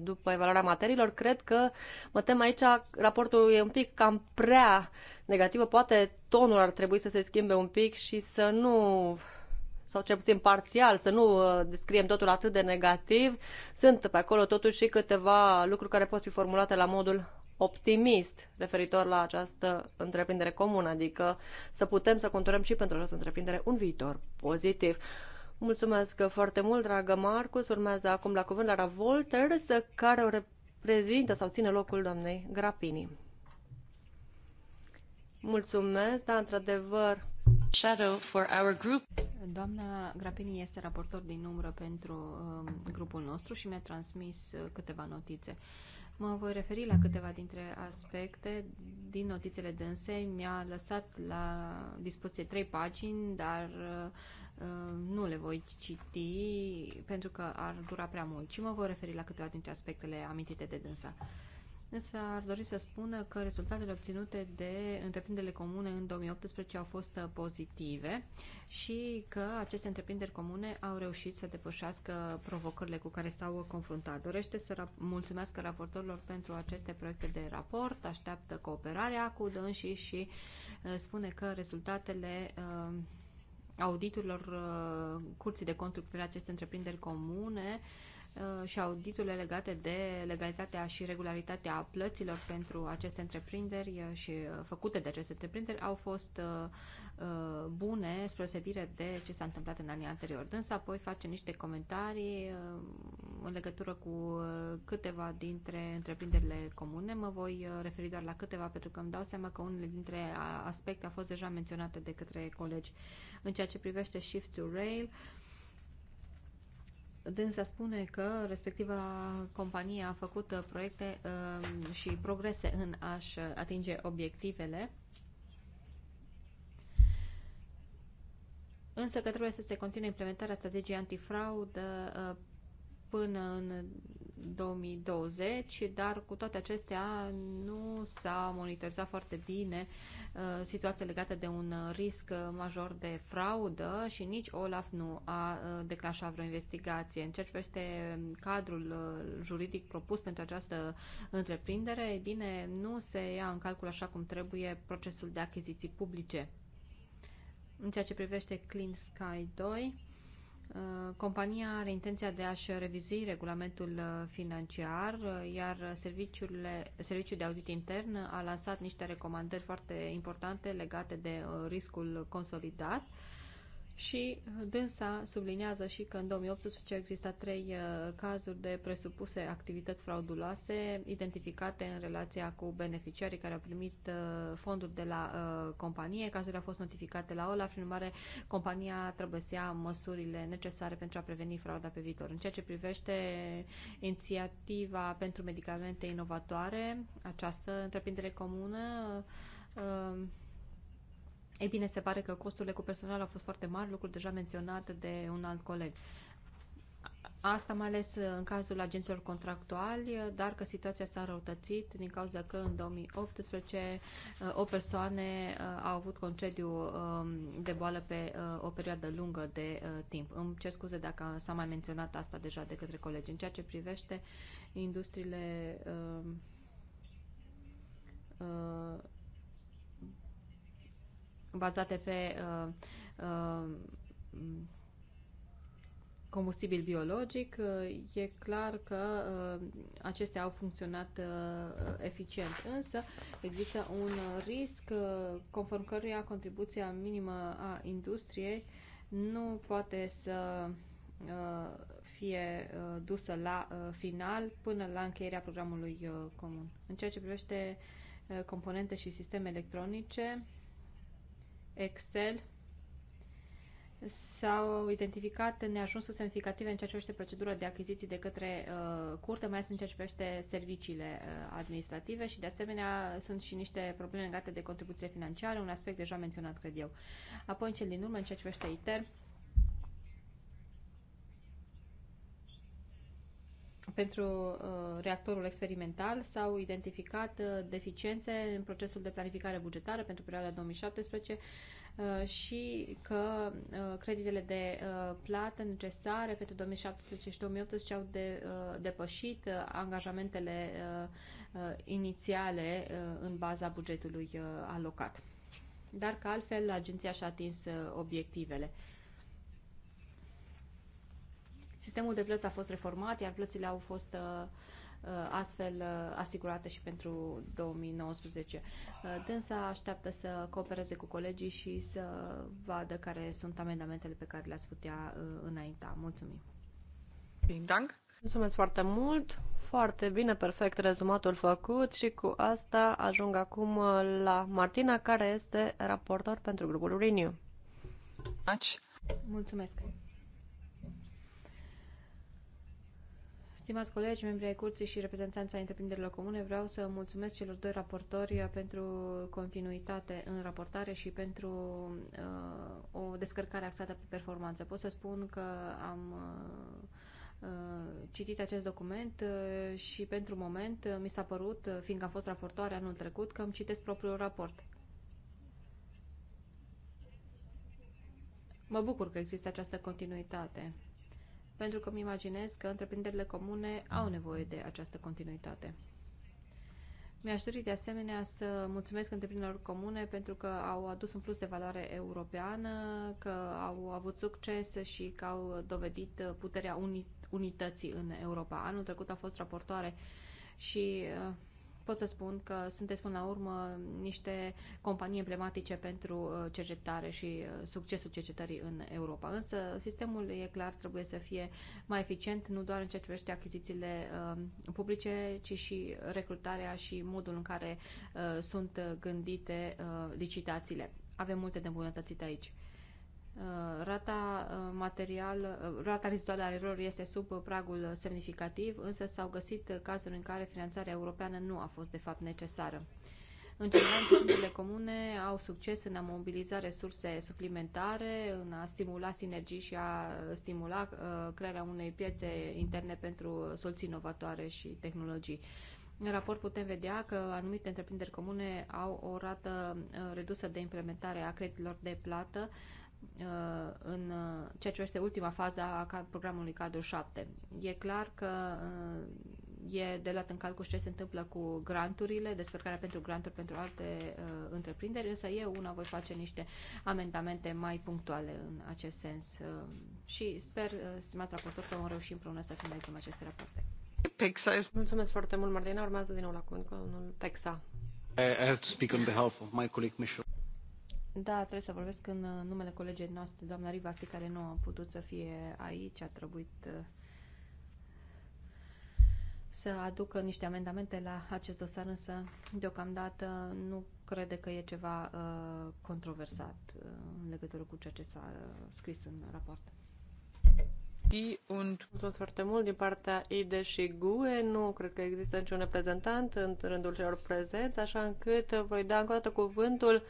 după evaluarea materiilor, cred că mă tem aici, raportul e un pic cam prea negativă, poate tonul ar trebui să se schimbe un pic și să nu sau cel puțin parțial, să nu uh, descriem totul atât de negativ. Sunt pe acolo totuși și câteva lucruri care pot fi formulate la modul optimist referitor la această întreprindere comună, adică să putem să conturăm și pentru această întreprindere un viitor pozitiv. Mulțumesc foarte mult, dragă Marcus. Urmează acum la cuvânt Lara Volters, care o reprezintă sau ține locul doamnei Grapini. Mulțumesc, da, într-adevăr. Shadow for our group. Doamna Grapini este raportor din umbră pentru uh, grupul nostru și mi-a transmis uh, câteva notițe. Mă voi referi la câteva dintre aspecte din notițele dânse. Mi-a lăsat la dispoziție trei pagini, dar uh, nu le voi citi pentru că ar dura prea mult, Și mă voi referi la câteva dintre aspectele amintite de dânsa. Uh, însă ar dori să spună că rezultatele obținute de întreprinderile comune în 2018 au fost uh, pozitive și că aceste întreprinderi comune au reușit să depășească provocările cu care s-au confruntat. Dorește să mulțumească raportorilor pentru aceste proiecte de raport, așteaptă cooperarea cu dânsii și uh, spune că rezultatele uh, auditurilor curții de conturi pe aceste întreprinderi comune Uh, și auditurile legate de legalitatea și regularitatea plăților pentru aceste întreprinderi uh, și uh, făcute de aceste întreprinderi au fost bune, spre osebire de ce s-a întâmplat în anii anteriori. Însă apoi face niște comentarii în legătură cu câteva dintre întreprinderile comune. Mă voi referi doar la câteva pentru că îmi dau seama că unele dintre aspecte au fost deja menționate de către colegi. În ceea ce privește Shift to Rail, uh, Dânsa spune că respectiva companie a făcut uh, proiecte um, și progrese în a-și uh, atinge obiectivele, însă că trebuie să se continue implementarea strategiei antifraudă uh, până în 2020, dar cu toate acestea nu s-a monitorizat foarte bine uh, situația legată de un risc major de fraudă și nici Olaf nu a uh, declanșat vreo investigație. În ceea ce privește cadrul uh, juridic propus pentru această întreprindere, e bine, nu se ia în calcul așa cum trebuie procesul de achiziții publice. În ceea ce privește Clean Sky 2, Uh, compania are intenția de a-și revizui regulamentul uh, financiar, uh, iar serviciurile, Serviciul de Audit Intern a lansat niște recomandări foarte importante legate de riscul consolidat și uh, dânsa sublinează și că în 2018 au existat trei uh, cazuri de presupuse activități frauduloase identificate în relația cu beneficiarii care au primit uh, fonduri de la companie. Cazurile au fost notificate la OLAF, prin urmare compania trebuie să ia măsurile necesare pentru a preveni frauda pe viitor. În ceea ce privește inițiativa pentru medicamente inovatoare, această întreprindere comună ei bine, se pare că costurile cu personal au fost foarte mari, lucru deja menționat de un alt coleg. Asta mai ales în cazul agenților contractuali, dar că situația s-a răutățit din cauza că în 2018 uh, o persoană uh, a avut concediu um, de boală pe uh, o perioadă lungă de timp. Îmi cer scuze dacă s-a mai menționat asta deja de către colegi. În ceea ce privește industriile um, bazate pe uh, uh, combustibil biologic, uh, e clar că uh, acestea au funcționat uh, eficient, însă există un risc conform căruia contribuția minimă a industriei nu poate să fie dusă la final până la încheierea programului comun. În ceea ce privește componente și sisteme electronice, Excel s-au identificat neajunsuri semnificative în ceea ce privește procedura de achiziții de către uh, curte, mai ales în ceea ce privește serviciile uh, administrative și de asemenea sunt și niște probleme legate de contribuție financiară, un aspect deja menționat, cred eu. Apoi, în cel din urmă, în ceea ce privește ITER, pentru uh, reactorul experimental s-au identificat uh, deficiențe în procesul de planificare bugetară pentru perioada 2017 uh, și că creditele de plată necesare pentru 2017 și 2018 au de, depășit angajamentele inițiale în baza bugetului alocat. Dar că altfel agenția și-a atins obiectivele. Sistemul de plăți a fost reformat, iar plățile au fost uh, uh, astfel uh, asigurate și pentru 2019. Dânsa așteaptă să coopereze cu colegii și să vadă care sunt amendamentele pe care le-ați putea înainta. Mulțumim! Dank. Mulțumesc foarte mult! Foarte bine, perfect rezumatul făcut și cu asta ajung acum la Martina, care este raportor pentru grupul Renew. Mulțumesc! Stimați colegi, membri ai Curții și reprezentanța întreprinderilor comune, vreau să mulțumesc celor doi raportori uh, pentru continuitate în raportare și pentru uh, o descărcare axată pe performanță. Pot să spun că am uh, uh citit acest document uh, și pentru moment mi s-a părut, fiindcă am fost raportoare anul trecut, că îmi citesc propriul raport. Mă bucur că există această continuitate pentru că îmi imaginez că întreprinderile comune au nevoie de această continuitate. Mi-aș dori de asemenea să mulțumesc întreprinderilor comune pentru că au adus un plus de valoare europeană, că au avut succes și că au dovedit puterea unității în Europa. Anul trecut a fost raportoare și uh, pot să spun că sunteți până la urmă niște companii emblematice pentru uh, cercetare și uh, succesul cercetării în Europa. Însă sistemul e clar, trebuie să fie mai eficient, nu doar în ceea ce privește achizițiile uh, publice, ci și recrutarea și modul în care sunt gândite licitațiile. Avem multe de îmbunătățit aici. Uh, rata, uh, material, uh, rata reziduală a erorilor este sub pragul semnificativ, însă s-au găsit cazuri în care finanțarea europeană nu a fost de fapt necesară. În general, fondurile comune au succes în a mobiliza resurse suplimentare, în a stimula sinergii și a stimula uh, crearea unei piețe interne pentru soluții inovatoare și tehnologii. În raport putem vedea că anumite întreprinderi comune au o rată redusă de implementare a creditelor de plată, Uh, în uh, ceea ce este ultima fază a programului cadru 7. E clar că uh, e de luat în calcul ce se întâmplă cu granturile, descărcarea pentru granturi pentru alte uh, întreprinderi, însă eu una voi face niște amendamente mai punctuale în acest sens uh, și sper, uh, stimați raportor, că vom reuși împreună să finalizăm aceste rapoarte. Pexa. Mulțumesc foarte mult, Martina. Urmează din nou la cuvânt cu domnul Pexa. I have to speak on behalf of my colleague Michel. Da, trebuie să vorbesc în uh, numele colegei noastre, doamna Rivasi, care nu a putut să fie aici, a trebuit uh, să aducă niște amendamente la acest dosar, însă deocamdată nu crede că e ceva uh, controversat uh, în legătură cu ceea ce s-a uh, scris în raport. Mulțumesc foarte mult din partea ID și GUE. Nu cred că există niciun reprezentant în rândul celor prezenți, așa încât voi da încă o dată cuvântul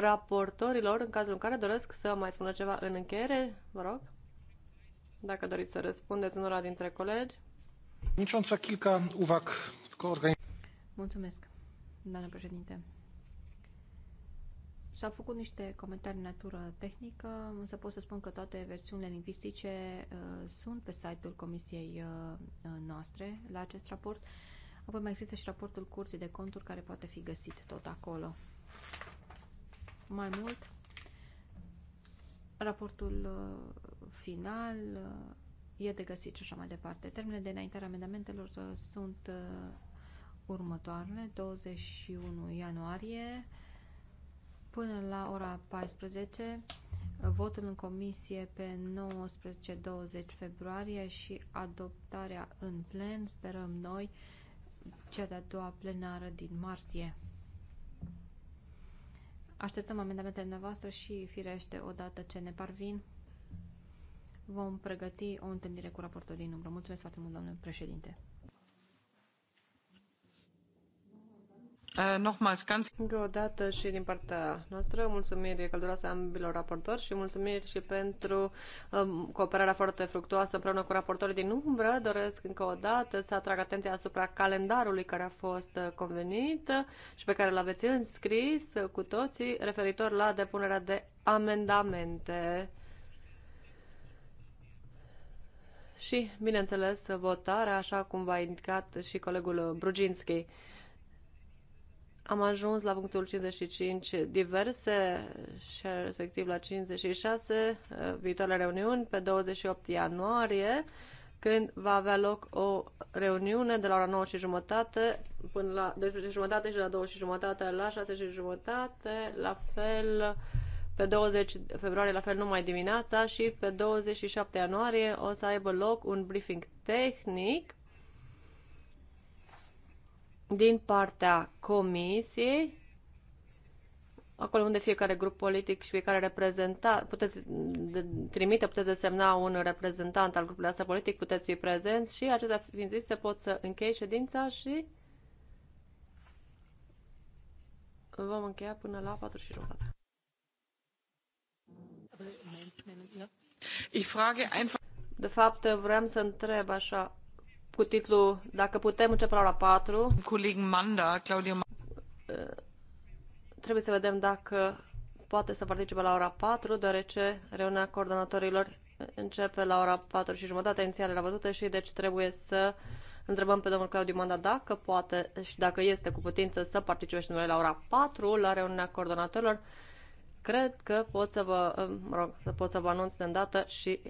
raportorilor în cazul în care doresc să mai spună ceva în încheiere. Vă rog, dacă doriți să răspundeți unora dintre colegi. Niciunța kilka uwag. Mulțumesc, doamnă președinte. S-au făcut niște comentarii în natură tehnică, însă pot să spun că toate versiunile lingvistice uh, sunt pe site-ul comisiei uh, noastre la acest raport. Apoi mai există și raportul curții de conturi care poate fi găsit tot acolo mai mult raportul uh, final uh, e de găsit și așa mai departe. Termenele de înaintare a amendamentelor uh, sunt următoarele, 21 ianuarie până la ora 14, votul în comisie pe 19-20 februarie și adoptarea în plen, sperăm noi, cea de-a doua plenară din martie. Așteptăm amendamentele dumneavoastră și, firește, odată ce ne parvin, vom pregăti o întâlnire cu raportul din umbră. Mulțumesc foarte mult, domnule președinte. Eh, încă o dată și din partea noastră, mulțumiri călduroase ambilor raportori și mulțumiri și pentru um, cooperarea foarte fructuoasă împreună cu raportorii din umbră. Doresc încă o dată să atrag atenția asupra calendarului care a fost uh, convenit și pe care l-aveți înscris cu toții referitor la depunerea de amendamente. Și, bineînțeles, votarea, așa cum v-a indicat și colegul Bruginski am ajuns la punctul 55 diverse și respectiv la 56 uh, viitoarele reuniuni pe 28 ianuarie când va avea loc o reuniune de la ora 9 și jumătate până la 12 și jumătate și de la 2 și jumătate la 6 și jumătate, la fel pe 20 februarie, la fel numai dimineața și pe 27 ianuarie o să aibă loc un briefing tehnic din partea comisiei, acolo unde fiecare grup politic și fiecare reprezentant, puteți trimite, puteți desemna un reprezentant al grupului ăsta politic, puteți fi prezenți și acestea fiind zis, se pot să închei ședința și vom încheia până la 4 și jumătate. De fapt, vreau să întreb așa, cu titlul Dacă putem, începem la ora 4. Coleg Manda, Claudia eh, Trebuie să vedem dacă poate să participe la ora 4, deoarece reuniunea coordonatorilor începe la ora 4 și jumătate, inițial la văzută și deci trebuie să întrebăm pe domnul Claudiu Manda dacă poate și dacă este cu putință să participe și noi la ora 4 la reuniunea coordonatorilor. Cred că pot să vă, eh, mă rog, pot să vă anunț de îndată și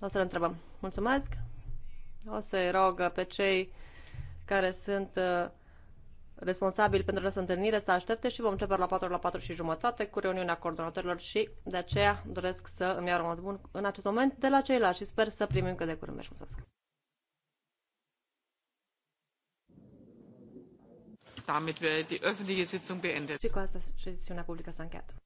o să-l întrebăm. Mulțumesc! O să-i rog pe cei care sunt uh, responsabili pentru această întâlnire să aștepte și vom începe la 4 la 4 și jumătate cu reuniunea coordonatorilor și de aceea doresc să îmi iau rămas bun în acest moment de la ceilalți și sper să primim cât de curând. Deci, mulțumesc! Damit wäre die öffentliche Sitzung beendet. Și cu asta sesiunea publică s-a încheiat.